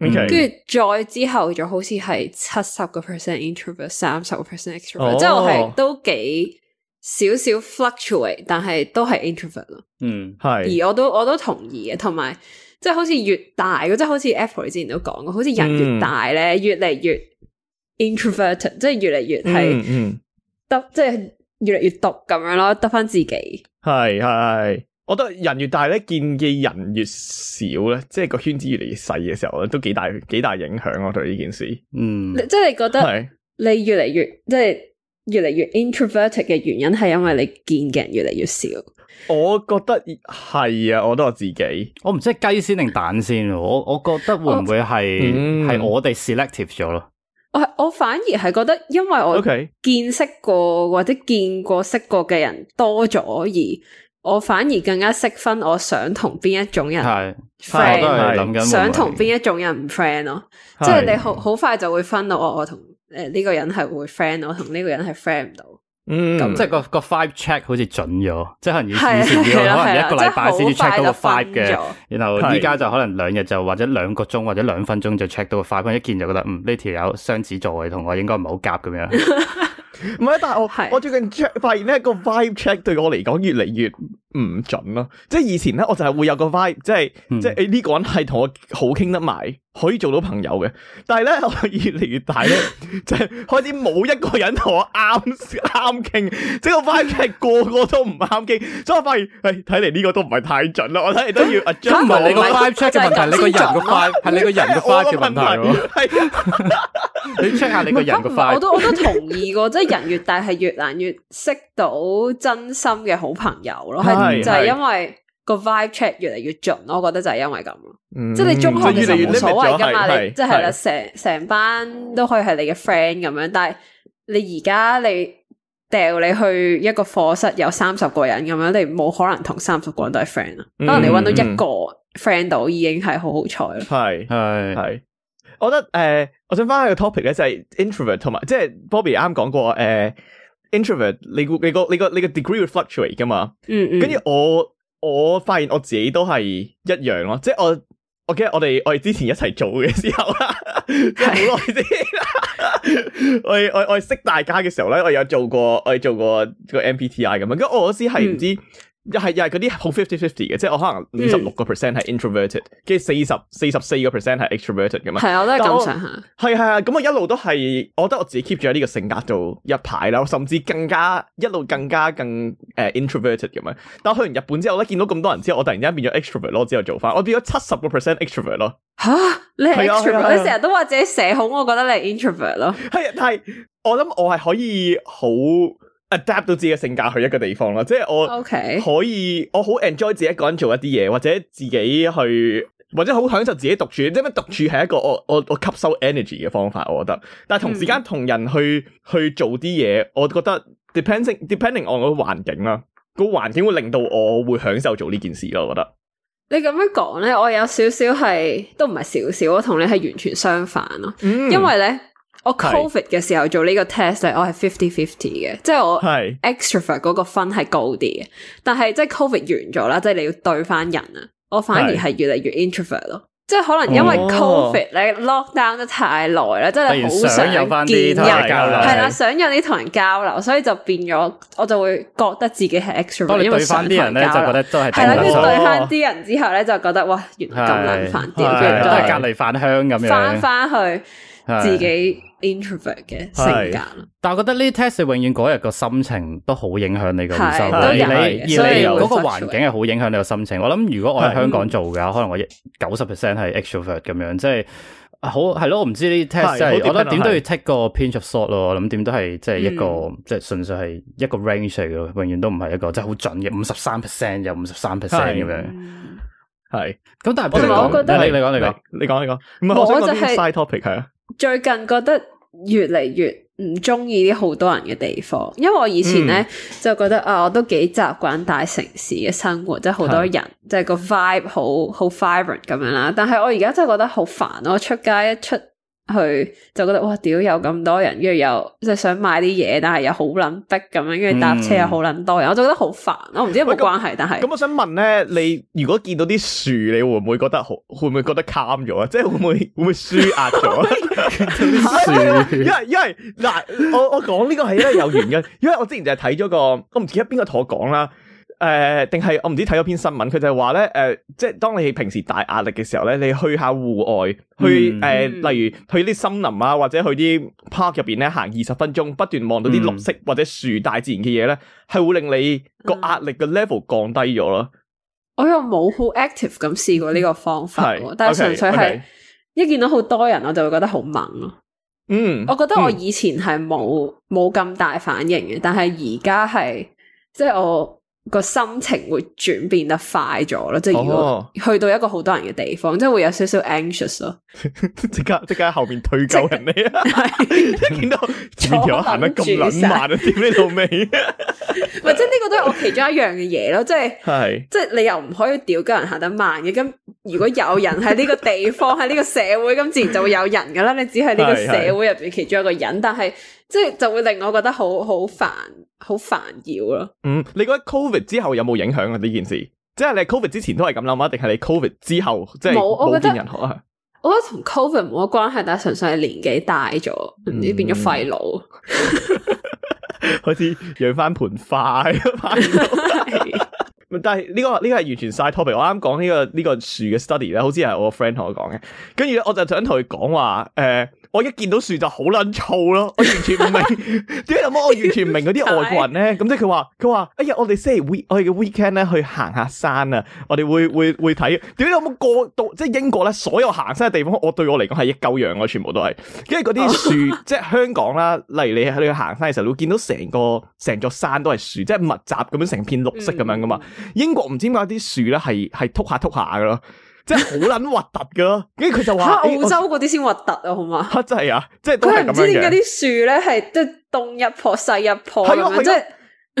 跟住 Okay. 再之後，就好似係七十個 percent introvert，三十個 percent extrovert，oh。即係我係都幾少少 fluctuate，但係都係 introvert 咯。嗯，係。而我都我都同意嘅，同埋即係好似越大，即係好似 Apple 之前都講過，好似人越大咧，越嚟越 introverted，即係越嚟越係得，即係越嚟越毒咁樣咯，得翻自己。係係。我覺得人越大咧，見嘅人越少咧，即係個圈子越嚟越細嘅時候咧，都幾大幾大影響我、啊、對呢件事，嗯，你即係覺得你越嚟越是即係越嚟越，越，越 introverted 嘅原因，係因為你見嘅人越嚟越少。我覺得係啊，我覺得我自己，我唔知係雞先定蛋先。我我覺得會唔會係係我哋 selective 咗咯？我我，我反而係覺得，因為我見識過或者見過識過嘅人多咗而。我反而更加識分，我想同邊一種人 friend，我都係諗緊，想同邊一種人唔 friend 咯。即係是你好好快就會分到我，我我同誒呢個人係會 friend，我同呢個人係 friend 唔到。嗯，那即係個個 vibe check 好似準咗，即係可能要幾天，可能一個禮拜先 check 到個 vibe 嘅。就是，然後依家就可能兩日就或者兩個鐘或者兩分鐘就 check 到個 vibe，因的一見就覺得嗯呢條友雙子座嘅，同我應該唔係好夾咁樣。 唔係，但係我是我最近 check 發現咧，個 vibe check 對我嚟講越嚟越。唔準咯，即係以前咧，我就係會有個 vibe，即係即係誒呢個人係同我好傾得埋，可以做到朋友嘅。但係咧，我越嚟越大咧， 就係開始冇一個人同我啱啱傾，即係個 vibe 係個個都唔啱傾，所以我發現誒睇嚟呢個都唔係太準咯。我睇嚟都要 adjust。唔係你個 vibe check 嘅問題， 你個人個 vibe 係你個人個 vibe 嘅問題。係，你 check 下你個人個 vibe。 我都我都同意噶，即係人越大係越難越識到真心嘅好朋友咯。 嗯、就係、是、因為個 vibe check 越嚟越準，我覺得就係因為咁咯。嗯、即係你中學、嗯、就越嚟越冇所謂噶嘛，你即係啦，成、就、成、是、班都可以係你嘅 friend 咁樣。但係你而家你掉你去一個課室有三十個人咁樣，你冇可能同三十個人都係 friend 啊。嗯、可能你搵到一個 friend 到已經係好好彩咯。係系系，我覺得誒，我想翻去個 topic 咧，就係 introvert 同埋，即係 Bobby 啱講過誒。introvert 你個你個你個你個 degree 會 fluctuate 噶嘛，跟住、嗯嗯、我我發現我自己都係一樣咯，即係我我記得我哋我哋之前一齊做嘅時候啊，好耐啲，我我我識大家嘅時候咧，我有做過我哋做過個 MBTI 咁樣，跟住我我先係唔知。嗯又係又係，嗰啲好 fifty fifty 嘅，即係我可能五十六個 percent 係 introverted，跟住四十四十四個 percent 係 extroverted 嘅嘛。係、嗯，我都係咁上下。係係係，咁我一路都係，我覺得我自己 keep 住喺呢個性格做一排啦。甚至更加一路更加更誒、uh, introverted 咁樣。但去完日本之後咧，見到咁多人之後，我突然之間變咗 extrovert 咯。之後做翻，我變咗七十個 percent extrovert 咯。吓，你 extrovert？你成日都話自己社恐，我覺得你 introvert 咯。係係，但係我諗我係可以好。adapt 到自己嘅性格去一個地方咯，即係我可以，Okay. 我好 enjoy 自己一個人做一啲嘢，或者自己去，或者好享受自己獨處。即係咩獨處係一個我我我吸收 energy 嘅方法，我覺得。但係同時間同人去去做啲嘢，嗯、我覺得 depending depending on 個環境啦，個環境會令到我會享受做呢件事咯。我覺得你咁樣講咧，我有少少係都唔係少少，我同你係完全相反咯，嗯、因為咧。我 Covid 嘅時候做呢個 test 咧，我係 fifty fifty 嘅，即係我 extravert 嗰個分係高啲嘅。但係即係 Covid 完咗啦，即係你要對翻人啊我反而係越嚟越 introvert 咯。即係可能因為 Covid 你 lock down 得太耐啦，真係好想有翻見人，交流。係啦，想有啲同人交流，所以就變咗，我就會覺得自己係 extravert。當你對翻啲人咧，就覺得都係，係啦。跟住對翻啲人之後咧，就覺得哇，原來咁撚煩，即係隔籬飯香咁樣翻翻去。自己 introvert 嘅性格但係我覺得呢啲 test 永遠嗰日個心情都好影響你個感受，而而你嗰個環境係好影響你個心情。我諗如果我喺香港做嘅，可能我九十 percent 係 extrovert 咁樣，即係好係咯。我唔知呢啲 test，我覺得點都要 take 個 pinch of salt 咯。諗點都係即係一個即係純粹係一個 range 嚟嘅，永遠都唔係一個即係好準嘅，五十三 percent 有五十三 percent 嘅。係咁，但係我我覺得你講你講你講你講，唔係我想講啲 side topic 係啊。最近覺得越嚟越唔中意啲好多人嘅地方，因為我以前呢、嗯、就覺得啊，我都幾習慣大城市嘅生活，即係好多人，即係、嗯、個 vibe 好好 vibrant 咁樣啦。但係我而家真係覺得好煩咯，我出街一出。去就覺得哇，屌有咁多人，跟住又即係想買啲嘢，但係又好撚逼咁樣，跟住搭車又好撚多人，嗯、我就覺得好煩，我唔知有冇但關係，但係咁我想問咧，你如果見到啲樹，你會唔會覺得好，會唔會覺得砍咗啊？即係會唔會會唔會輸壓咗？因為因為嗱，我我講呢個係因為有原因，因，因，因，因，因為我之前就係睇咗個，我唔記得邊個同我講啦。誒，定係、呃、我唔知睇咗篇新聞，佢就係話咧，誒、呃，即係當你平時大壓力嘅時候咧，你去下戶外，嗯、去誒、呃，例如去啲森林啊，或者去啲 park 入邊咧，行二十分鐘，不斷望到啲綠色或者樹大自然嘅嘢咧，係會令你個壓力嘅 level 降低咗咯、嗯。我又冇好 active 咁試過呢個方法，是但係純粹係 okay, okay. 一見到好多人，我就會覺得好猛咯。嗯，我覺得我以前係冇冇咁大反應嘅，但係而家係即係我。個心情會轉變得快咗咯，即係如果去到一個好多人嘅地方，oh. 即係會有少少 anxious 咯。 即刻即刻喺後邊退救人哋啊！ 見到全條行得咁撚慢，點呢度尾？唔係，即係呢個都係我其中一樣嘅嘢咯，即、就、係、是，即係 你又唔可以屌鳩人行得慢嘅。咁如果有人喺呢個地方喺呢 個社會，咁自然就會有人㗎啦。你只係呢個社會入邊其中一個人，但係 是的。 即係就會令我覺得好好煩，好煩擾咯。嗯，你覺得 Covid 之後有冇影響啊？呢件事，即係你 Covid 之前都係咁諗啊？定係你 Covid 之後即係冇？我覺得我覺得 CO 同 Covid 冇乜關係，但係純粹係年紀大咗，唔知變咗廢老，好似養翻盆花咁。但係呢個呢個係完全晒 topic，這個這個。我啱啱講呢個呢個樹嘅 study 咧，好似係我 friend 同我講嘅，跟住我就想同佢講話誒。呃呃我一見到樹就好撚燥咯，我完全唔明點解有冇，我完全唔明嗰啲外國人咧，咁即係佢話佢話哎呀，我哋星期 week 我哋嘅 weekend 咧去行下山啊，我哋會會會睇，點解有冇過到，即係英國咧所有行山嘅地方，我對我嚟講係一嚿樣嘅，全部都係，跟住嗰啲樹即係香港啦，例如你喺度行山嘅時候，你會見到成個成座山都係樹，即係密集咁樣成片綠色咁樣噶嘛？英國唔知點解啲樹咧係係禿下禿下噶咯。即係好撚核突噶，跟住佢就話澳洲嗰啲先核突啊，好嘛、 啊？真係啊，即係都係咁樣嘅。佢唔知點解啲樹咧係都東一樖西 一樖，即係。 是即係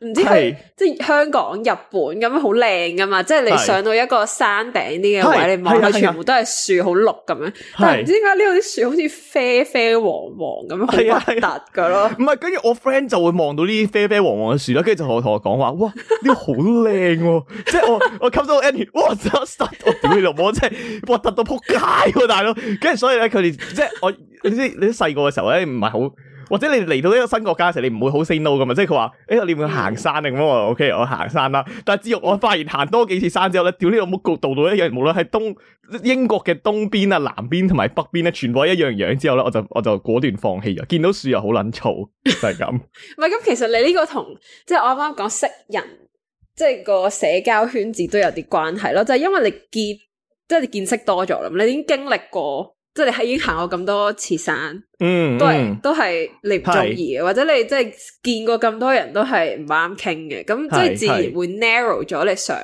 唔知佢即係香港、日本咁樣好靚噶嘛？即係你上到一個山頂啲嘅位，你望佢全部都係樹好綠咁樣。是但係唔知點解呢度啲樹好似啡啡黃黃咁樣核突噶咯？唔係，跟住我 friend 就會望到呢啲啡啡黃黃嘅樹啦。跟住就同我同我講話：，哇，呢、這個好靚、哦！ 即係我我 cut 咗我 any，哇！真係核突到屌你老母，即係核突到撲街！大佬，跟住所以咧，佢哋即係我你知你細個嘅時候咧，唔係好。或者你嚟到呢個新國家嘅時候，你唔會好 say no 噶嘛？即係佢話誒，你要行山定，咁我 OK，我行山啦。但係之後我發現行多幾次山之後咧，屌呢個角度到，到一樣，無論喺東英國嘅東邊啊、南邊同埋北邊咧，全部係一樣樣之後咧，我就我就果斷放棄咗。見到樹又好捻嘈，就係咁。唔係咁，其實你呢個同即係我啱啱講識人，即係個社交圈子都有啲關係咯。就係因為你見，即係你見識多咗啦，你已經經歷過。即係你喺已經行過咁多次山，嗯，嗯，都係都係你唔中意嘅。是或者你即係見過咁多人都係唔啱傾嘅，咁即係自然會 narrow 咗你想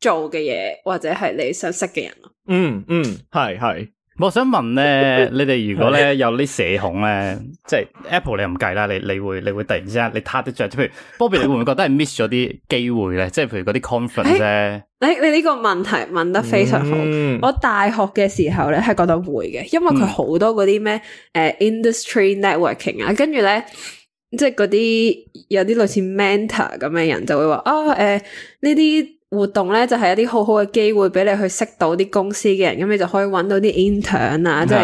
做嘅嘢，或者係你想識嘅人咯。嗯，嗯嗯，係係。我想問咧，你哋如果咧有啲社恐咧，即係 Apple 你唔計啦，你你會你會突然之間你 talk 得著，譬如 Bobby 你會唔會覺得係 miss 咗啲機會咧？即係譬如嗰啲 conference 咧。誒，你呢個問題問得非常好。嗯、我大學嘅時候咧係覺得會嘅，因為佢好多嗰啲咩誒 industry networking 啊，跟住咧即係嗰啲有啲類似 mentor 咁嘅人就會話哦，誒呢啲。活動咧就係、是、一啲好好嘅機會，俾你去識到啲公司嘅人，咁你就可以揾到啲 intern 啊， 即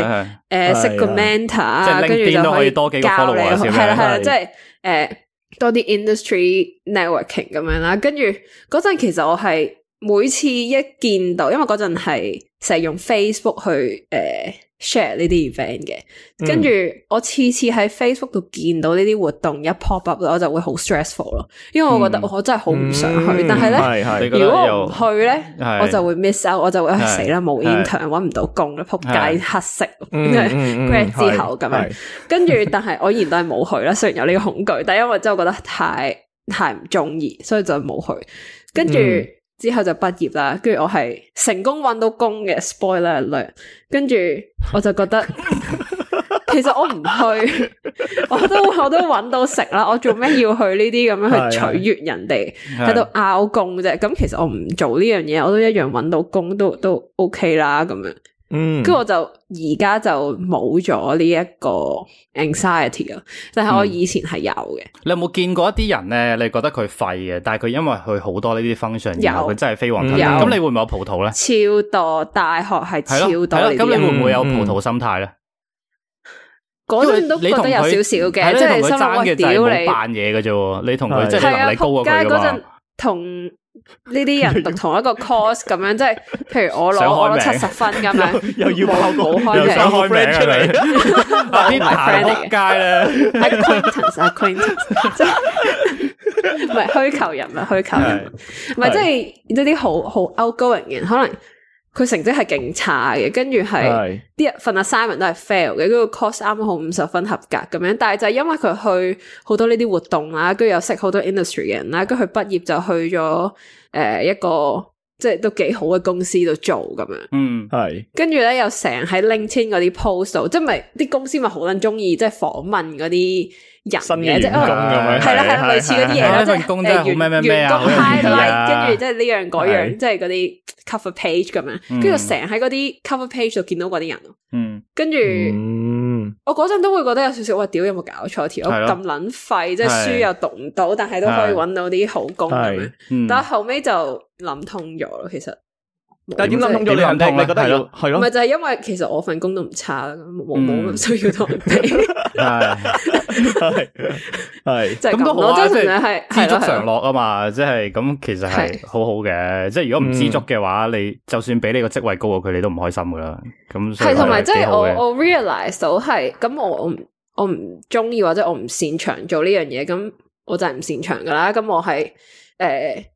係誒識個 mentor 啊，跟住、啊、就可以 多幾交。你係啦係啦，即係誒多啲 industry networking 咁樣啦。跟住嗰陣其實我係每次一見到，因為嗰陣係成日用 Facebook 去誒。share 呢啲 event 嘅，跟住我次次喺 Facebook 度見到呢啲活動一 pop up 我就會好 stressful 咯，因為我覺得我真係好唔想去。但係咧，如果我唔去咧，我就會 miss out，我就會死啦，冇 intern，搵唔到工，撲街黑色 grad 之後咁樣。跟住，但係我依然都係冇去啦。雖然有呢個恐懼，但係因為真係覺得太太唔中意，所以就冇去。跟住。之後就畢業啦，跟住我係成功揾到工嘅，spoil 啦，女，跟住我就覺得， 其實我唔去，我都我都揾到食啦，我做咩要去呢啲咁樣去取悅人哋，喺度拗工啫，咁是是 其實我唔做呢樣嘢，我都一樣揾到工都，都都 OK 啦，咁樣，嗯，跟住我就。而家就冇咗呢一個 anxiety 咯，但係我以前係有嘅、嗯。你有冇見過一啲人咧？你覺得佢廢嘅，但係佢因為佢好多呢啲 function，然後佢有真係飛黃騰，咁、嗯、你會唔會有葡萄咧、嗯？超多大學係超多，咁、嗯嗯、你會唔會有葡萄心態咧？嗰陣都你覺得有少少嘅，即係佢爭嘅，係冇扮嘢嘅啫。你同佢即係能力高啊嘛。呢啲人讀同一個 course 咁樣，即係譬如我攞我七十分咁樣，又要開好開嘅，friend 出嚟，邊排 friend 嚟嘅？街咧，acquaintance，acquaintance，唔係虛構人物，虛構人物，唔係即係嗰啲好好 outgoing 人，可能。佢成績係勁差嘅，跟住係啲份 assignment 都係 fail 嘅，嗰個 course 啱啱好五十分合格咁樣。但係就係因為佢去好多呢啲活動啊，跟住又識好多 industry 嘅人啦，跟住佢畢業就去咗誒、呃、一個即係都幾好嘅公司度做咁樣。嗯，係。跟住咧對又成日喺 LinkedIn 嗰啲 post，即係咪啲公司咪好撚中意即係訪問嗰啲？新員工咁樣，係啦係啦，類似嗰啲嘢啦，即係員工都好咩咩咩啊，跟住即係呢樣嗰樣，即係嗰啲 cover page 咁樣，跟住成日喺嗰啲 cover page 度見到嗰啲人咯，跟住我嗰陣都會覺得有少少，哇！屌有冇搞錯，條咁撚廢，即係書又讀唔到，但係都可以搵到啲好工咁樣，但係後尾就諗通咗咯，其實。但係點諗通咗，你又唔同，你覺得要係咯，唔係就係因為其實我份工都唔差，冇冇咁需要同人比。係係咁嗰個即係知足常樂啊嘛，即係咁其實係好好嘅。即係如果唔知足嘅話，你就算俾你個職位高過佢，你都唔開心噶啦。咁係同埋即係我我 realize 到係咁，我我我唔中意，或者我唔擅長做呢樣嘢，咁我就係唔擅長噶啦。咁我係誒。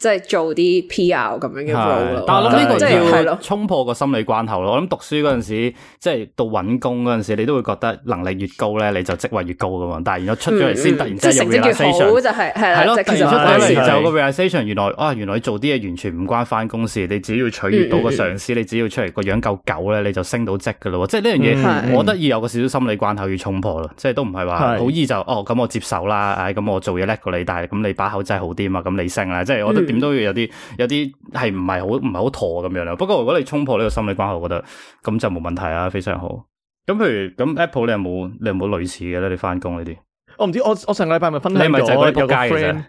即係做啲 P.R. 咁樣嘅路咯，但係呢個真係要衝破個心理關口咯。我諗讀書嗰陣時，即係到揾工嗰陣時，你都會覺得能力越高咧，你就職位越高噶嘛。但係然後出咗嚟先，突然之間有個 realisation 就係係啦，就出嚟就個 realisation 原來啊，原來做啲嘢完全唔關返工事，你只要取悅到個上司，你只要出嚟個樣夠狗咧，你就升到職噶啦喎。即係呢樣嘢，我覺得要有個少少心理關口要衝破咯。即係都唔係話好易就哦咁我接手啦，唉咁我做嘢叻過你，但係咁你把口真係好啲啊嘛，咁你升啦。即係我都。點都要有啲有啲係唔係好唔係好妥咁樣啦。不過如果你衝破呢個心理關口，我覺得咁就冇問題啦，啊，非常好。咁譬如咁 Apple 你有冇你有冇類似嘅咧？你翻工呢啲？我唔知 我我上個禮拜咪分享咗，有 friend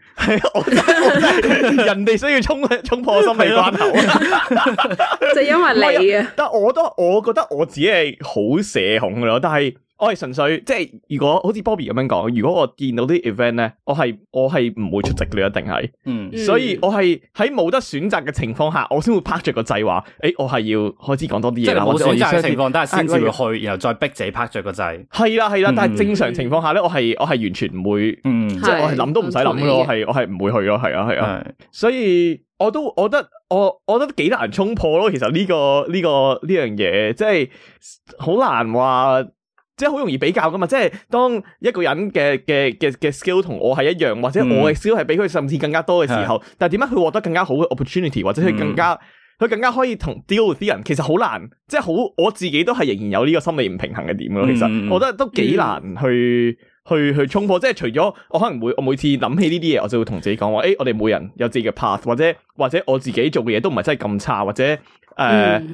人哋需要衝衝 破心理關口， 就因為你啊。但我都我覺得我自己係好社恐噶咯，但係。我係純粹即係，如果好似 Bobby 咁樣講，如果我見到啲 event 咧，我係我係唔會出席嘅，一定係。嗯。所以，我係喺冇得選擇嘅情況下，我先會拍着個掣話，誒、欸，我係要開始講多啲嘢啦。即係冇選擇嘅情況，但係先至會去，哎、然後再逼自己拍着個掣。係啦、啊，係啦、啊啊，但係正常情況下咧，我係我係完全唔會，嗯，即係我係諗都唔使諗咯，我係我係唔會去咯，係啊，係啊。啊所以我都我覺得我我覺得幾難衝破咯，其實呢、呢個呢、呢個呢樣嘢，即係好難話。即係好容易比較㗎嘛，即係當一個人嘅嘅嘅嘅 skill 同我係一樣，或者我嘅 skill 係比佢甚至更加多嘅時候，嗯、但係點解佢獲得更加好嘅 opportunity，或者佢更加佢、嗯、更加可以同 deal with 啲人，其實好難，即係好我自己都係仍然有呢個心理唔平衡嘅點咯。嗯、其實我覺得都幾難去。嗯嗯去去衝破，即係除咗我可能每我每次諗起呢啲嘢，我就會同自己講話：，誒、哎，我哋每人有自己嘅 path，或者或者我自己做嘅嘢都唔係真係咁差，或者誒，咁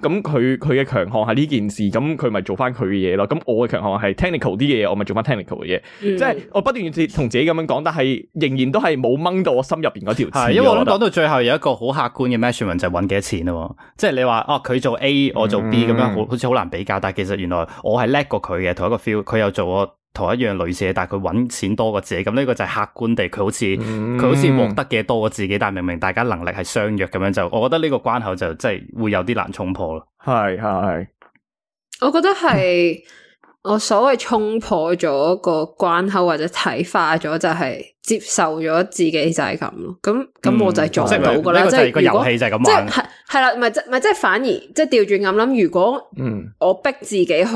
咁佢佢嘅強項係呢件事，咁佢咪做翻佢嘅嘢咯？咁我嘅強項係 technical 啲嘅嘢，我咪做翻 technical 嘅嘢。嗯、即係我不斷同自己咁樣講，但係仍然都係冇掹到我心入邊嗰條。係，因為我諗講到最後有一個好客觀嘅 measurement 就係搵幾多錢咯、啊。即係你話哦，佢做 A，我做 B 咁、嗯、樣，好好似好難比較，但係其實原來我係叻過佢嘅同一個 feel，佢又做我。同一樣類似嘅，但係佢揾錢多過自己，咁、這、呢個就係客觀地，佢好似佢、嗯、好似獲得嘅多過自己，但係明明大家能力係相若咁樣，就我覺得呢個關口就真係會有啲難衝破咯。係係， 我覺得係我所謂衝破咗個關口，或者體化咗就係、是、接受咗自己就係咁咯。咁咁我就係做到㗎啦、嗯，即係、這個果遊戲就係咁。即係係啦，唔係唔係，即係反而即係調轉諗諗，如果嗯我逼自己去。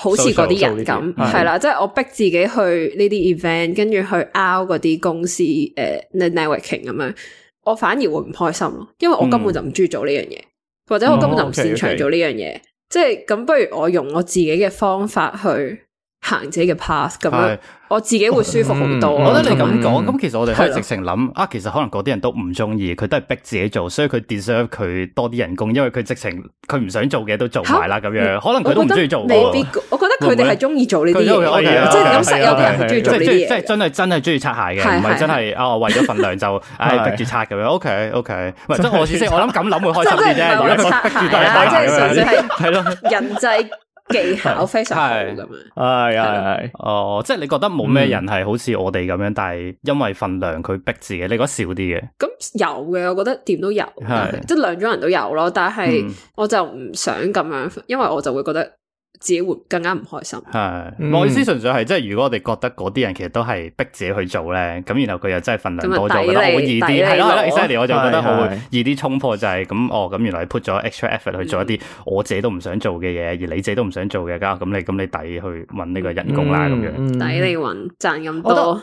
好似嗰啲人咁，係啦，即係的、就是、我逼自己去呢啲 event，跟住去 out 嗰啲公司，誒、uh,，networking 咁樣，我反而會唔開心咯，因為我根本就唔中意做呢樣嘢，嗯、或者我根本就唔擅長做呢樣嘢，哦、okay, okay. 即係咁不如我用我自己嘅方法去。行自己嘅 path 咁樣，我自己會舒服好多。我覺得你咁講，咁其實我哋可以直情諗啊，其實可能嗰啲人都唔中意，佢都係逼自己做，所以佢 deserve 佢多啲人工，因為佢直情佢唔想做嘅都做埋啦。咁樣可能佢都唔中意做。未必，我覺得佢哋係中意做呢啲，即係有啲人係中意做呢啲嘢，即係真係真係中意擦鞋嘅，唔係真係啊為咗份量就逼住擦咁樣。OK OK，唔係即係我意思，我諗咁諗會開心啲啫。擦鞋啊，即係係咯人際。技巧非常好咁樣，係係係，的哦，即係你覺得冇咩人係好似我哋咁樣，嗯、但係因為份量佢逼自己。你覺得少啲嘅？咁有嘅，我覺得點都有，是即係兩種人都有咯。但係我就唔想咁樣，嗯、因為我就會覺得。自己會更加唔開心。係是，我意思純粹係，即係如果我哋覺得嗰啲人其實都係逼自己去做咧，咁然後佢又真係份量多咗覺得好易啲。係啦，exactly，我就覺得好易啲衝破是是就係、是、咁哦，咁原來 put 咗 extra effort 去做一啲我自己都唔想做嘅嘢，嗯，而你自己都唔想做嘅，咁你咁你抵去搵呢個人工啦咁樣，抵你搵賺咁多。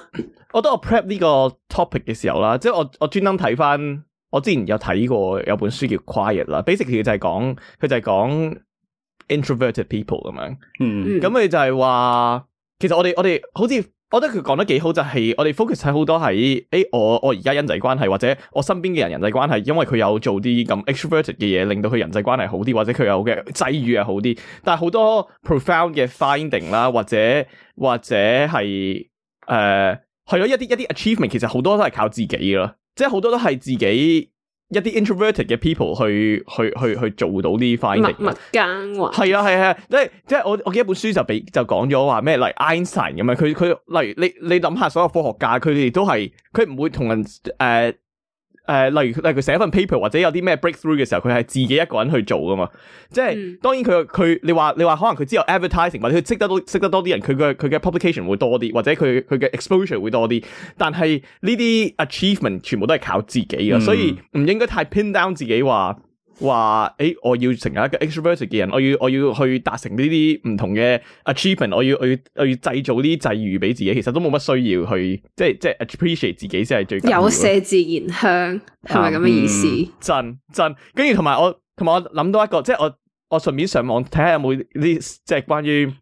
我覺得我 prep 呢個 topic 嘅時候啦，即、就、係、是、我我專登睇翻，我之前有睇過有本書叫 Quiet，本《quiet》啦，basically 就係講，佢就係講。Introverted people 咁、right? 樣、mm，咁佢就係話，嗯、其實我哋我哋好似，我覺得佢講得幾好就係、是欸，我哋 focus 喺好多喺，誒我我而家人際關係或者我身邊嘅人人際關係，因為佢有做啲咁 extroverted 嘅嘢，令到佢人際關係好啲，或者佢有嘅際遇係好啲，但係好多 profound 嘅 finding 啦，或者或者係誒，係、呃、咯一啲一啲 achievement，其實好多都係靠自己嘅咯，即係好多都係自己。一啲 introverted 嘅 people 去去去去做到呢塊嘢，物間話係啊係啊，即係即係我我記得一本書就俾就講咗話咩，例如 Einstein 咁啊，佢佢例如你你諗下所有科學家，佢哋都係佢唔會同人誒。呃誒、呃，例如例如佢寫一份 paper 或者有啲咩 breakthrough 嘅時候，佢係自己一個人去做㗎嘛。即係、嗯、當然佢佢，你話你話可能佢之後 advertising 或者佢識得多識得多啲人，佢嘅佢嘅 publication 會多啲，或者佢佢嘅 exposure 會多啲。但係呢啲 achievement 全部都係靠自己嘅，嗯、所以唔應該太 pin down 自己話，話誒、欸，我要成為一個 extrovert 嘅人，我要我要去達成呢啲唔同嘅 achievement，我要去要製造啲際遇俾自己，其實都冇乜需要去，即係即係 appreciate 自己先係最。有麝自然香係咪咁嘅意思？真、嗯、真，跟住同埋我同埋我諗到一個，即係我我順便上網睇下有冇呢啲即係關於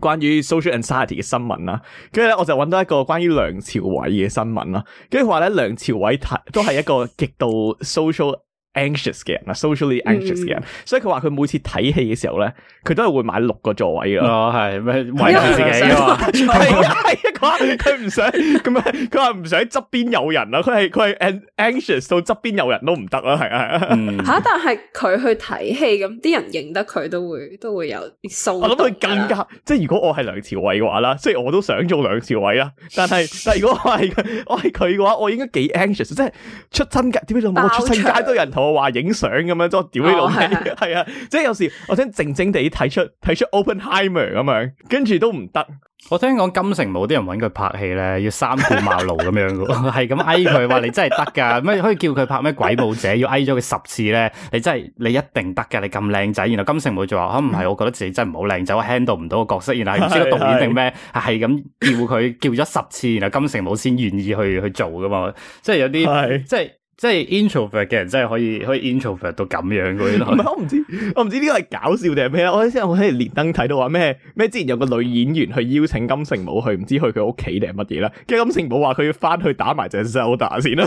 關於 social anxiety 嘅新聞啦。跟住咧，我就揾到一個關於梁朝偉嘅新聞啦。跟住話咧，梁朝偉都係一個極度 social。anxious 嘅人啊，socially anxious 嘅人，嗯、所以佢話佢每次睇戲嘅時候咧，佢都係會買六個座位嘅。哦，係咩？為咗自己啊嘛，係係佢佢唔想咁啊，佢話唔想側邊有人啦。佢係佢係 anxious 到側邊有人都唔得啦，係啊。吓、嗯， 但係佢去睇戲咁，啲人認得佢都會都會有啲騷擾。我諗佢更加即係，如果我係梁朝偉嘅話啦，即係我都想做梁朝偉啦。但係但係如果我係我係佢嘅話，我應該幾 anxious，即係出親街點解我出親街都人好？話影相咁樣，即係屌呢度戲，係啊、oh,，即係有時我想靜靜地睇出睇出 Oppenheimer 咁樣，跟住都唔得。我聽講金城武啲人揾佢拍戲咧，要三顧茅廬咁樣噶，係咁哀佢話你真係得噶，咩可以叫佢拍咩鬼舞者，要哀咗佢十次咧，你真係你一定得噶，你咁靚仔。然後金城武就話：，唔、啊、係，我覺得自己真係唔好靚仔，我 handle 唔到個角色。然後唔知個導演定咩，係咁是是 叫佢叫咗十次，然後金城武先願意去去做噶嘛。即係有啲即係。的的即係 introvert 嘅人，真係可以可以 introvert 到咁樣嗰啲咯。唔係我唔知，我唔知呢個係搞笑定係咩啦。我先我喺連登睇到話咩咩，之前有個女演員去邀請金城武去，唔知去佢屋企定係乜嘢啦。跟住金城武話佢要翻去打埋隻 Zelda 先啦。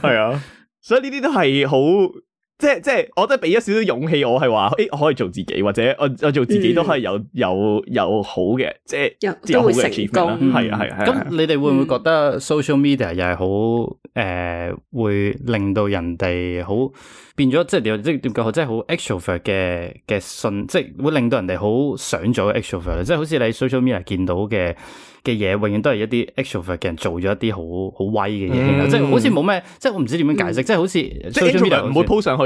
係啊， 所以呢啲都係好。即係即係，我都係俾一少少勇氣，我係話，誒，我可以做自己，或者我我做自己都係有有有好嘅，即係有好嘅，都會成功，係啊係啊。咁你哋會唔會覺得 social media 又係好誒，會令到人哋好變咗，即係點即點解，好係好 extrovert 嘅嘅信，即係會令到人哋好想咗 extrovert，即係好似你 social media 見到嘅嘅嘢，永遠都係一啲 extrovert 嘅人做咗一啲好好威嘅嘢，即係好似冇咩，即係我唔知點樣解釋，即係好似 social media 唔會鋪上去。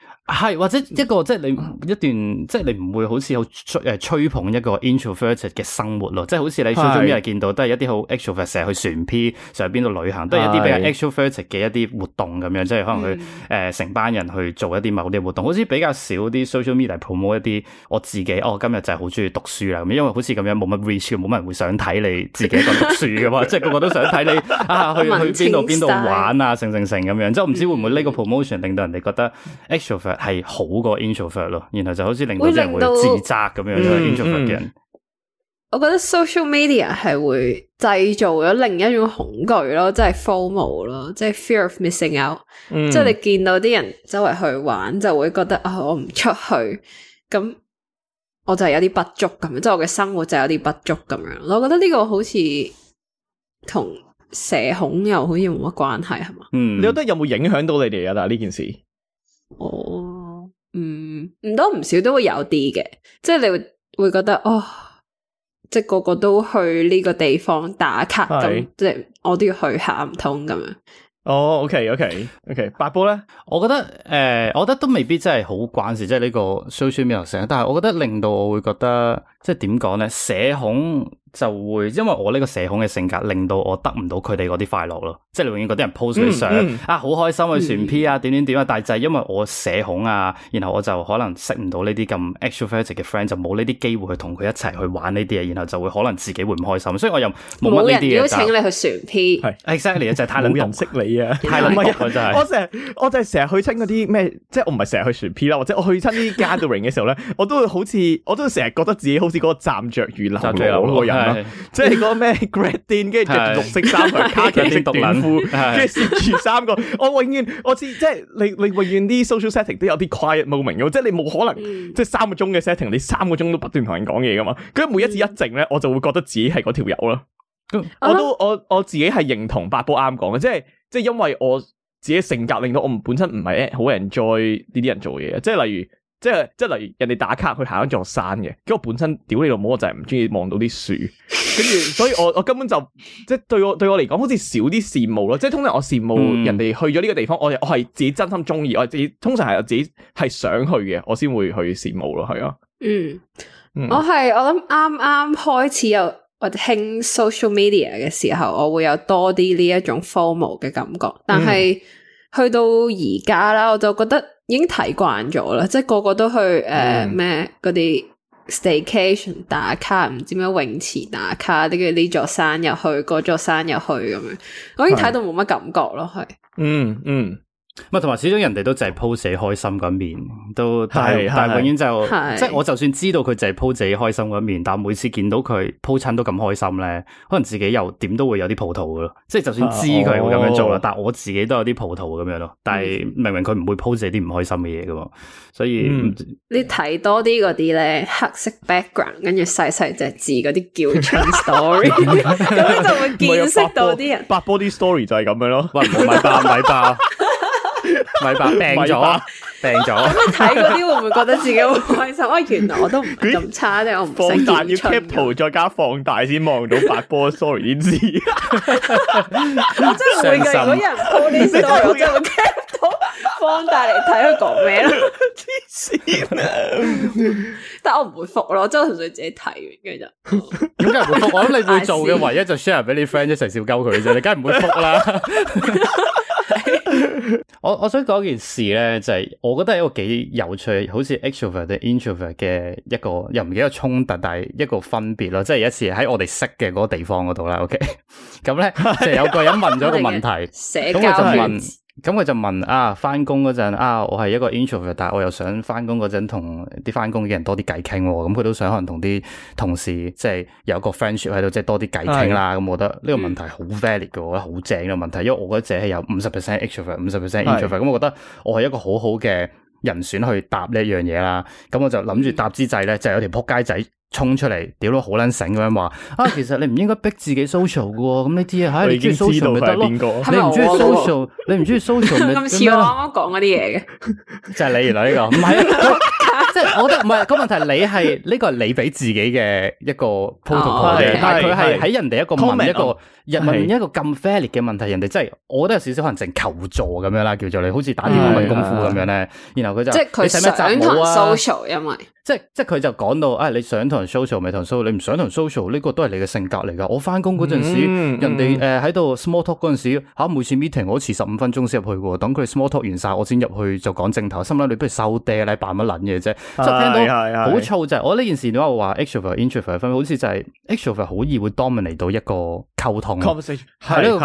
係，或者一個即係你一段即係你唔會好似好誒吹捧一個 introverted 嘅生活咯，即係好似你 social media 見到都係一啲好 extrovert 成日去船 P 上邊度旅行，都係一啲比較 extroverted 嘅一啲活動咁樣，即係可能去誒、嗯呃、成班人去做一啲某啲活動，好似比較少啲 social media promote 一啲我自己，哦今日就係好鍾意讀書啦，因為好似咁樣冇乜 reach，冇乜人會想睇你自己一個讀書噶嘛，即係 個個都想睇你去去邊度邊度玩啊，成成成咁樣，即係唔知會唔會呢個 promotion 令到人哋覺得，得 extrovert 係好過 introvert 咯，然後就好似令到人會自責咁樣。嗯就係 introvert 嘅人，我覺得 social media 係會製造咗另一種恐懼咯，即係 FOMO 咯，即係 fear of missing out，嗯。即係你見到啲人周圍去玩，就會覺得啊、哦，我唔出去，咁、嗯、我就係有啲不足咁樣，即、就、係、是、我嘅生活就有啲不足咁樣。我覺得呢個好似同社恐又好似冇乜關係，係嘛？嗯，嗯你覺得有冇影響到你哋啊？但係呢件事。哦，唔唔多唔少都會有啲嘅，即係你會會覺得哦，即係個個都去呢個地方打卡咁，是即係我都要去下唔通咁樣。哦、oh，OK OK OK，八波咧，我覺得誒、呃，我覺得都未必真係好慣事，即係呢個 social media，但係我覺得令到我會覺得即係點講咧，社恐。就會因為我呢個社恐嘅性格，令到我得唔到佢哋嗰啲快樂咯。即係你永遠嗰啲人 post 佢相啊，好開心去船 P 啊，點點點啊，但係就係因為我社恐啊，然後我就可能識唔到呢啲咁 extrovert 嘅 friend，就冇呢啲機會去同佢一齊去玩呢啲嘢，然後就會可能自己會唔開心。所以我又冇乜人邀請你去船 P，係 exactly 就係太冇人識你啊，太冷漠真係。我成日，我就係成日去親嗰啲咩，即係我唔係成日去船 P 啦，或者我去親呢啲 gathering 嘅時候咧，我都會好似我都成日覺得自己好似嗰個站着如嘍囉嘅人。係，即係、 就是、個咩 g r a d i e n 跟住着綠色衫同卡其色短褲，跟住攝住三個。我永遠我知，即、就、係、是、你你永遠啲 social setting 都有啲 quiet moment 嘅，即、就、係、是、你冇可能即係、就是、三個鐘嘅 setting，你三個鐘都不斷同人講嘢噶嘛？佢、就是、每一次一靜咧，我就會覺得自己係嗰條友囉。我都我我自己係認同八波啱講嘅，即係即係因為我自己性格令到我本身唔係好 enjoy 呢啲人做嘢即係例如。即係即係，例如人哋打卡去行一座山嘅，咁我本身屌你老母，我就係唔中意望到啲樹，跟住所以我我根本就即係對我對我嚟講，好似少啲羨慕咯。即係通常我羨慕、嗯、人哋去咗呢個地方，我我係自己真心中意，我自己通常係自己係想去嘅，我先會去羨慕咯，係啊。嗯，嗯我係我諗啱啱開始有我興 social media 嘅時候，我會有多啲呢一種 FOMO 嘅感覺。但係、嗯、去到而家啦，我就覺得。已經睇慣咗啦，即係個個都去誒咩嗰啲 staycation 打卡，唔知咩泳池打卡，呢個呢座山入去，嗰座山入去咁樣，我已經睇到冇乜感覺咯，係是是、嗯，嗯嗯。唔係，同埋始終人哋都就係 p o s 開心嗰面，都是但係是但係永遠就是即係我就算知道佢就係 p o s 自己開心嗰面，但係每次見到佢 p o 親都咁開心咧，可能自己又點都會有啲葡萄咯。即係就算知佢會咁樣做啦，啊哦、但係我自己都有啲葡萄咁樣咯。但係明明佢唔會 p o 啲唔開心嘅嘢噶嘛，所以、嗯、你睇多啲嗰啲咧，黑色 background 跟住細細隻字嗰啲叫 c h a n g story，咁樣就會見識到啲人 body story 就係咁樣咯。唔係吧？唔係吧？米白病咗，病咗。咁你睇嗰啲會唔會覺得自己好開心？哇，原來我都唔咁差啫，我唔識演出。放大要 cap 圖，再加放大先望到八波。Sorry，點知？真係每個人播呢時，我真係 cap 到放大嚟睇佢講咩咯。黐線啊！但係我唔會覆咯，即係純粹自己睇完，跟住。咁有人覆我，你做嘅唯一就 share 俾你 friend 一齊笑鳩佢啫，你梗係唔會覆啦。 我我想講件事咧，就係、是、我覺得係一個幾有趣，好似 extrovert 同 introvert 嘅一個，又唔係一個衝突，但係一個分別咯，即係有一次喺我哋識嘅嗰個地方嗰度啦。OK，咁 咧呢 就有個人問咗個問題，咁我 就問。咁佢就問啊，翻工嗰陣啊，我係一個 introvert，但係我又想翻工嗰陣同啲翻工嘅人多啲偈傾，咁、嗯、佢都想可能同啲同事即係、就是、有一個 friendship 喺度，即係多啲偈傾啦。咁我的、嗯、覺得呢個問題好 valid 嘅，我覺得好正嘅問題，因為我覺得自己有五十 percent introvert，五十 percent introvert，咁的、嗯、我覺得我係一個好好嘅人選去答呢一樣嘢啦。咁、嗯、我就諗住答之際咧，就係有條扑街仔。衝出嚟，屌到好撚醒咁樣話啊！其實你唔應該逼自己 social 嘅，咁呢啲嘢吓你鍾意 social 咪得咯？你鍾意 social，你唔鍾意 social 咁似我啱啱講嗰啲嘢嘅，就係你而家呢個唔係，即係我覺得唔係個問題是你是，這個、你係呢個，你俾自己嘅一個套頭盔， 但係佢係喺人哋一個問一個。 嗯一個人問一個咁 fairly 嘅問題，人哋真係我覺得有少少可能淨求助咁樣啦，叫做你好似打電話問功夫咁樣咧。嗯、然後佢就即係佢使想同、啊、social，因為即係即係佢就講到啊、哎，你想同 social 咪同 social，你唔想同 social 呢個都係你嘅性格嚟㗎。我翻工嗰陣時，嗯、人哋誒喺、呃、度 small talk 嗰陣時、啊、每次 meeting 我遲十五分鐘先入去喎，等佢 small talk 完晒，我先入去就講正頭。心諗你不如收嗲啦，扮乜撚嘢啫？即係的聽到好燥就係我呢件事嘅話，我話 extrovert 同 introvert 分別好似就係 extrovert 好易會 dominate 到一個溝通。c 呢個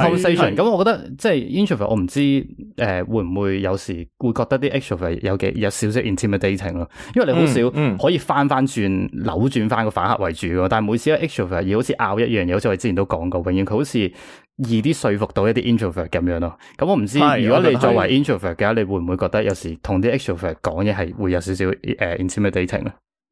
conversation，咁我覺得即係、就是、introvert，我唔知誒、呃、會唔會有時會覺得啲 extrovert 有幾有少少 intimidating 咯，因為你好少可以翻翻轉、嗯、扭轉翻個反客為主嘅，但係每次喺 extrovert 而好似拗一樣嘢，好似我之前都講過，永遠佢好似易啲説服到一啲 introvert 咁樣咯。咁我唔知如果你作為 introvert 嘅話，的你會唔會覺得有時同啲 extrovert 講嘢係會有少少誒 intimidating 啊？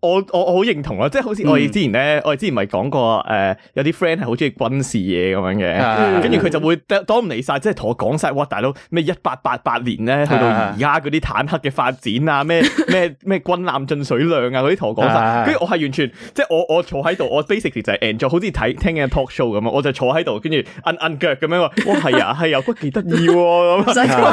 我我我好認同啊，即係好似我哋之前咧，我哋之前咪講過誒，有啲 friend 係好中意軍事嘢咁樣嘅，跟住佢就會擋唔嚟晒，即係同我講晒，哇大佬咩一八八八年咧，去到而家嗰啲坦克嘅發展啊，咩咩咩軍艦進水量啊，嗰啲同我講晒，跟住我係完全即係我我坐喺度，我 basically 就係 enjoy 咗，好似睇聽緊 talk show 咁啊，我就坐喺度，跟住摁摁腳咁樣，哇係啊係啊，不幾得意咁啊，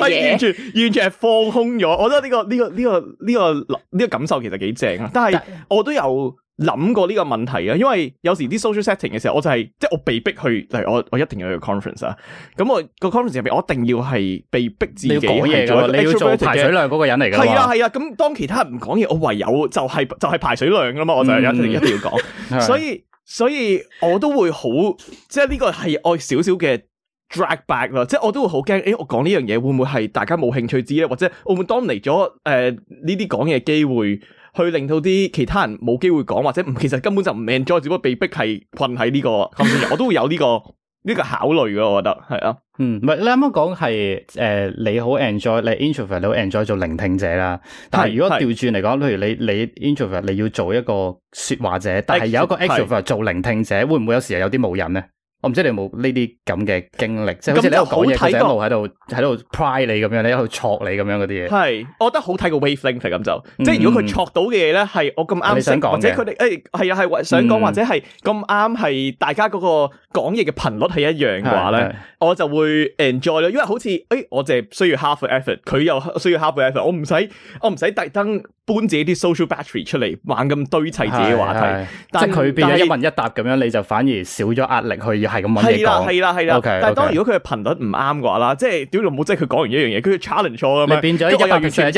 完全完全係放空咗，我覺得呢個呢個呢個呢個呢個感受其實。幾正啊！但係我都有諗過呢個問題啊，因為有時啲 social setting 嘅時候，我就係、是、即係我被逼去嚟，例如我我一定要去 conference 啊。咁我個 conference 入邊，我一定要係、那個、被逼自己講嘢噶。你要, verted, 你要做排水量嗰個人嚟噶嘛？係啊係啊。咁、啊、當其他人唔講嘢，我唯有就係、是、就係、是、排水量啦嘛。我就係一定一定要講。嗯、所以, 所以所以我都會好，即係呢個係我少少嘅 drag back 咯。即係我都會好驚。誒、欸，我講呢樣嘢會唔會係大家冇興趣知咧？或者我會唔會當嚟咗誒呢啲講嘢機會。去令到啲其他人冇機會講，或者唔其實根本就唔 enjoy，只不過被逼係困喺呢、這個，我都會有呢、這個呢 個考慮嘅。我覺得係啊，嗯，唔係你啱啱講係誒，你好 enjoy 你 introvert，你好 enjoy 做聆聽者啦。但係如果調轉嚟講，例如你你 introvert，你要做一個說話者，但係有一個 introvert 做聆聽者，會唔會有時候有啲冇癮咧？我唔知你有冇呢啲咁嘅經歷，即係好似你講嘢，成路喺度喺度 pry 你咁樣，咧喺度戳你咁樣嗰啲嘢。係，我覺得好睇過 wave length 咁就，嗯、即係如果佢戳到嘅嘢咧，係我咁啱想講，或者佢哋，誒係啊，係想講，嗯、或者係咁啱係大家嗰個講嘢嘅頻率係一樣嘅話咧，我就會 enjoy 咯，因為好似，誒、哎，我淨係需要 half effort，佢又需要 half effort，我唔使，我唔使特登搬自己啲 social battery 出嚟，猛咁堆砌自己，自己話題，但係佢是是變咗一問一答咁樣，你就反而少咗壓力去。係啦，係啦，係啦。但係當然如果佢嘅頻率唔啱嘅話啦，即係屌冇，即係佢講完呢樣嘢，佢 challenge 錯咁啊，變咗一百五十 percent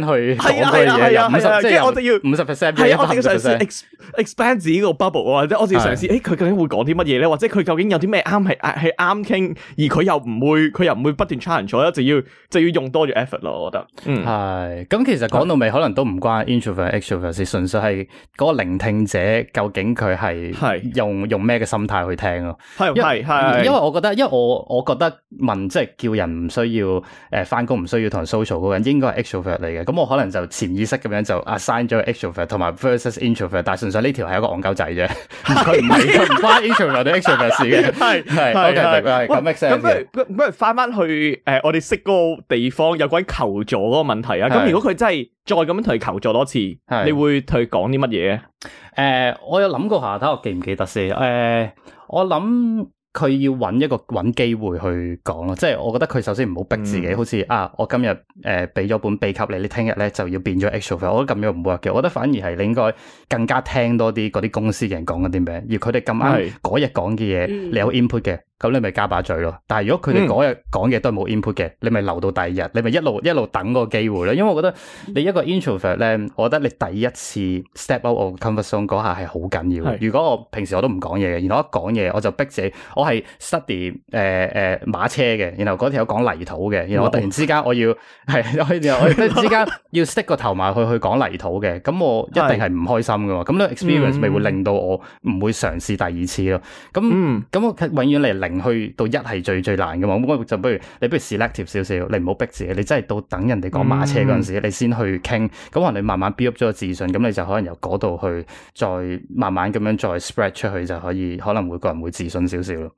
去講嘅嘢，五十即係我就要五十 percent。係，我哋嘗試 expand 住呢個 bubble 或者我哋嘗試誒，佢究竟會講啲乜嘢咧？或者佢究竟有啲咩啱係係啱傾，而佢又唔會佢又唔會不斷 challenge 錯咧，就要就要用多咗 effort 咯。我覺得，嗯，係。咁其實講到尾，可能都唔關 introvert extrovert 純粹係個聆聽者究竟佢係係用用咩嘅心態去聽咯。係，係，係，因為我覺得，因為我，我覺得問即係叫人唔需要誒翻工，唔需要同人 social 嗰個人，應該係 extrovert 嚟嘅。咁我可能就潛意識咁樣就 assign 咗 extrovert 同埋 versus introvert，但係純粹呢條係一個戇狗仔啫，佢唔係，佢唔翻 introvert 對 introvert 嘅。係，係，係，係。喂，咁不如翻翻去誒，我哋識嗰個地方有人個求助嗰個問題啊。咁如果佢真係再咁樣同佢求助多次，你會同佢講啲乜嘢？誒，我有諗過下，睇我記唔記得先。誒。我諗佢要搵一個搵機會去講咯，即係我覺得佢首先唔好逼自己，嗯、好似啊我今日誒俾咗本秘笈你，你聽日咧就要變咗 extrovert，我覺得咁樣唔 work 嘅，我覺得反而係你應該更加聽多啲嗰啲公司嘅人講緊啲咩，而佢哋咁啱嗰日講嘅嘢，是你有 input 嘅。嗯咁你咪加把嘴咯，但係如果佢哋講嘢講嘢都係冇 input 嘅，嗯、你咪留到第二日，你咪一路一路等個機會咯。因為我覺得你一個 introvert 咧，我覺得你第一次 step out of comfort zone 嗰下係好緊要。是 如果我平時我都唔講嘢嘅，然後我一講嘢我就逼自己，我係 study 誒、呃、誒、呃、馬車嘅，然後嗰條有講泥土嘅，然後我突然之間我要係，我突然之間要 stick 個頭埋去去講泥土嘅，咁我一定係唔開心噶嘛。咁呢 experience 咪會令到我唔會嘗試第二次咯。咁咁我永遠嚟去到一係最最難嘅嘛，咁就不如你不如 selective 少少，你唔好逼自己，你真係到等人哋講馬車嗰陣時，嗯、你先去傾，咁可能你慢慢 build up 咗個自信，咁你就可能由嗰度去再慢慢咁樣再 spread 出去就可以，可能每個人會自信少少咯。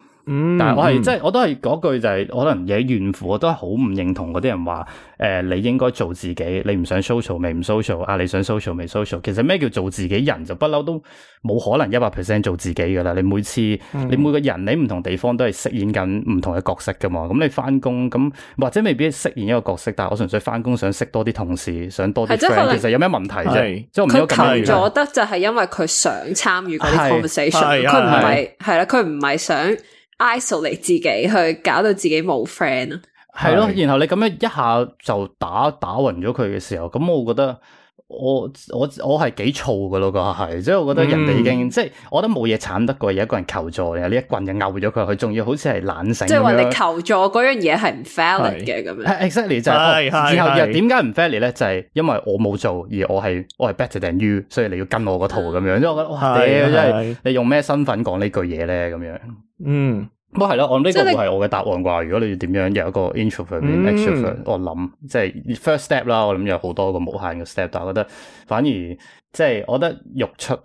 但係我係即係我都係嗰句就係可能嘢怨婦我都係好唔認同嗰啲人話誒你應該做自己你唔想 social 未？唔 social 啊你想 social 未 social 其實咩叫做自己人就不嬲都冇可能一百 percent 做自己噶啦你每次你每個人你唔同地方都係飾演緊唔同嘅角色噶嘛咁你翻工咁或者未必飾演一個角色但係我純粹翻工想識多啲同事想多啲 friend 其實有咩問題啫即係唔要求咗得就係因為佢想參與嗰啲 conversation 佢唔係係啦佢唔係想。isolate 自己去搞到自己冇 friend 咯，係咯，然後你咁樣一下就打打暈咗佢嘅時候，咁我覺得我我我係幾燥噶咯，個係，即係我覺得人哋已經即係，我覺得冇嘢慘得過，有一個人求助，嘅。然後你一棍就拗咗佢，佢仲要好似係懶醒，即係話你求助嗰樣嘢係唔 valid 嘅咁樣，exactly 就係係係，然後點解唔 valid 咧？就係因為我冇做，而我係我係 better than you，所以你要跟我個圖咁樣，因為我覺得哇，真係你用咩身份講呢句嘢咧咁樣。嗯，咁係咯，我呢個會係我嘅答案啩。你如果你要點樣有一個 introvert、extrovert、嗯、我諗即係 first step 啦。我諗有好多個無限嘅 step，但係我覺得反而即係、就是、我覺得欲出誒，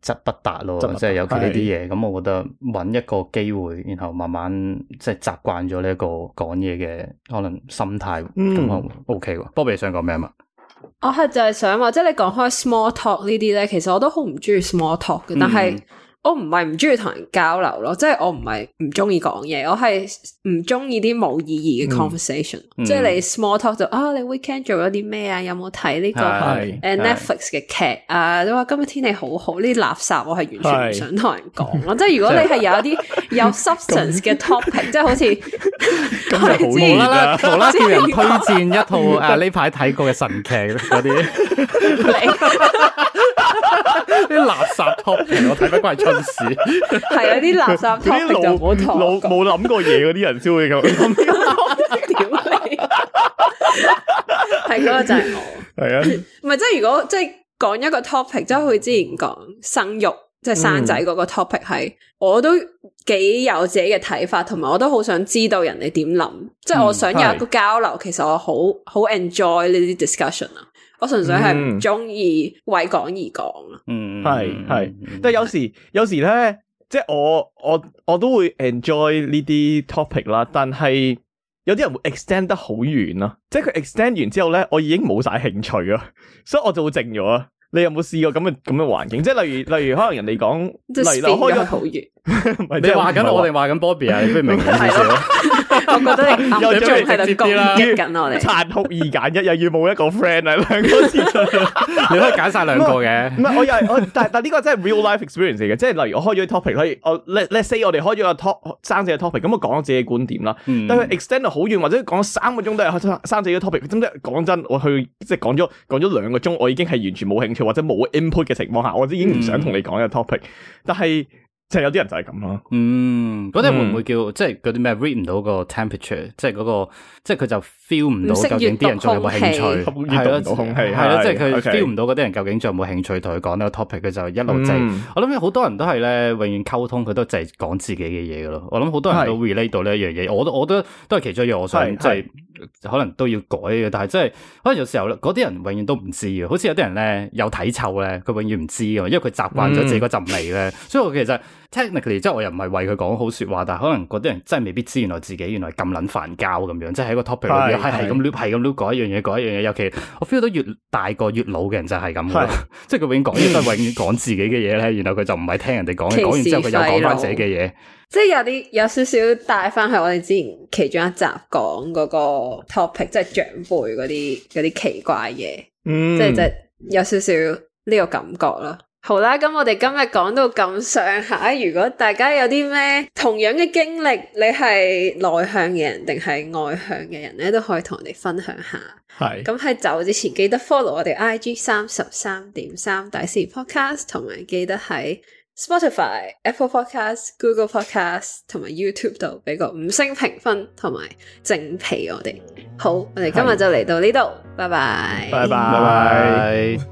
則、呃、不達咯。達咯即係尤其呢啲嘢，咁是我覺得揾一個機會，然後慢慢即係習慣咗呢個講嘢嘅可能心態咁啊 OK。不過你想講咩啊嘛？我係就係想話，即係你講開 small talk 呢啲咧，其實我都好唔鍾意 small talk 嘅、嗯，但係。我唔係唔中意同人交流咯，即係我唔係唔中意講嘢，我係唔中意啲冇意義嘅 conversation、嗯。嗯、即係你 small talk 就啊，你 weekend 做咗啲咩啊？有冇睇呢個誒 Netflix 嘅劇啊？你話今日天氣好好，呢啲垃圾我係完全唔想同人講。是即係是如果你係有一啲有 substance 嘅 topic， 即係好似咁就好啦，好啦，叫人推薦一套誒呢排睇過嘅神劇嗰啲。 啲 垃圾 topic，我睇得過係春事， 係 意 啊，啲垃圾，嗰啲老老冇諗過嘢嗰啲人先會咁啲垃圾，點解係嗰個就係我，係啊，唔係即係如果即係講一個 topic，即係佢之前講生育，即係生仔嗰個 topic，係我都幾有自己嘅睇法，同埋我都好想知道人哋點諗，嗯、即係我想有一個交流，是其實我好好 enjoy 呢啲 discussion 啊。我純粹係唔中意為講而講咯，係係，但係有時有時咧，即係我我我都會 enjoy 呢啲 topic 啦，但係有啲人會 extend 得好遠啊，即係佢 extend 完之後咧，我已經冇晒興趣啊，所以我就會靜咗啊。你有冇試過咁嘅咁嘅環境？即係例如例如可能人哋講，即係死咗好遠， 就是、你話緊我定話緊 Bobby 啊？你不如明講。 我覺得又出嚟跌啲啦，揀我哋殘酷二揀一，又要冇一個 friend 係兩次出嚟， 你可以揀晒兩個嘅。唔係我，但但呢個真係 real life experience 嘅，即係例如我開咗啲 topic，例如我 let let say 我哋開咗個 topic 三四個 topic，咁我講咗自己嘅觀點啦，但係佢 extend 到好遠，或者講三個鐘都係三三四個 topic。真真講真，我去即係講咗講咗兩個鐘，我已經係完全冇興趣或者冇 input 嘅情況下，我已經唔想同你講個 topic，但係。即係有啲人就係咁咯。嗯，嗰啲會唔會叫即係嗰啲咩 read 唔到個 temperature，即係嗰個即係佢就 feel 唔到究竟啲人仲有冇興趣係咯，係咯，即係佢 feel 唔到嗰啲人究竟仲有冇興趣同佢講呢個 topic，佢就一路。我諗好多人都係咧，永遠溝通佢都淨係講自己嘅嘢噶咯。我諗好多人都 relate 到呢一樣嘢，我都我都都係其中一樣，我想即係可能都要改嘅。但係即係可能有時候嗰啲人永遠都唔知嘅。好似有啲人咧有體臭咧，佢永遠唔知㗎，因為佢習慣咗自己嗰陣味咧。所以我其實。technically 即係我又唔係為佢講好說話，但係可能嗰啲人真係未必知，原來自己原來咁撚煩教咁樣，即係喺個 topic 裏邊係係咁 loop 係咁 loop 改一樣嘢改一樣嘢。尤其我 feel 到越大個越老嘅人就係咁，即係佢永遠講嘢，永遠講自己嘅嘢咧。然後佢就唔係聽人哋講嘢，講其事 完之後佢又講翻自己嘅嘢。講講即係有啲有少少帶翻去我哋之前其中一集講嗰個 topic，即係長輩嗰啲嗰啲奇怪嘢，即係即係有少少呢個感覺啦。好啦，咁我哋今日講到咁上下，如果大家有啲咩同樣嘅經歷，你係內向嘅人定係外向嘅人咧，都可以同我哋分享下。係咁喺走之前記得 follow 我哋 IG 三十三點三大四 podcast，同埋記得喺 Spotify、Apple Podcast、Google Podcast 同埋 YouTube 度俾個五星評分同埋正皮我哋。好，我哋今日就嚟到呢度，拜拜是，拜拜拜拜。Bye bye bye bye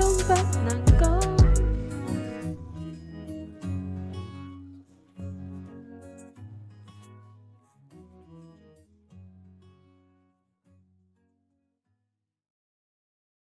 都不能。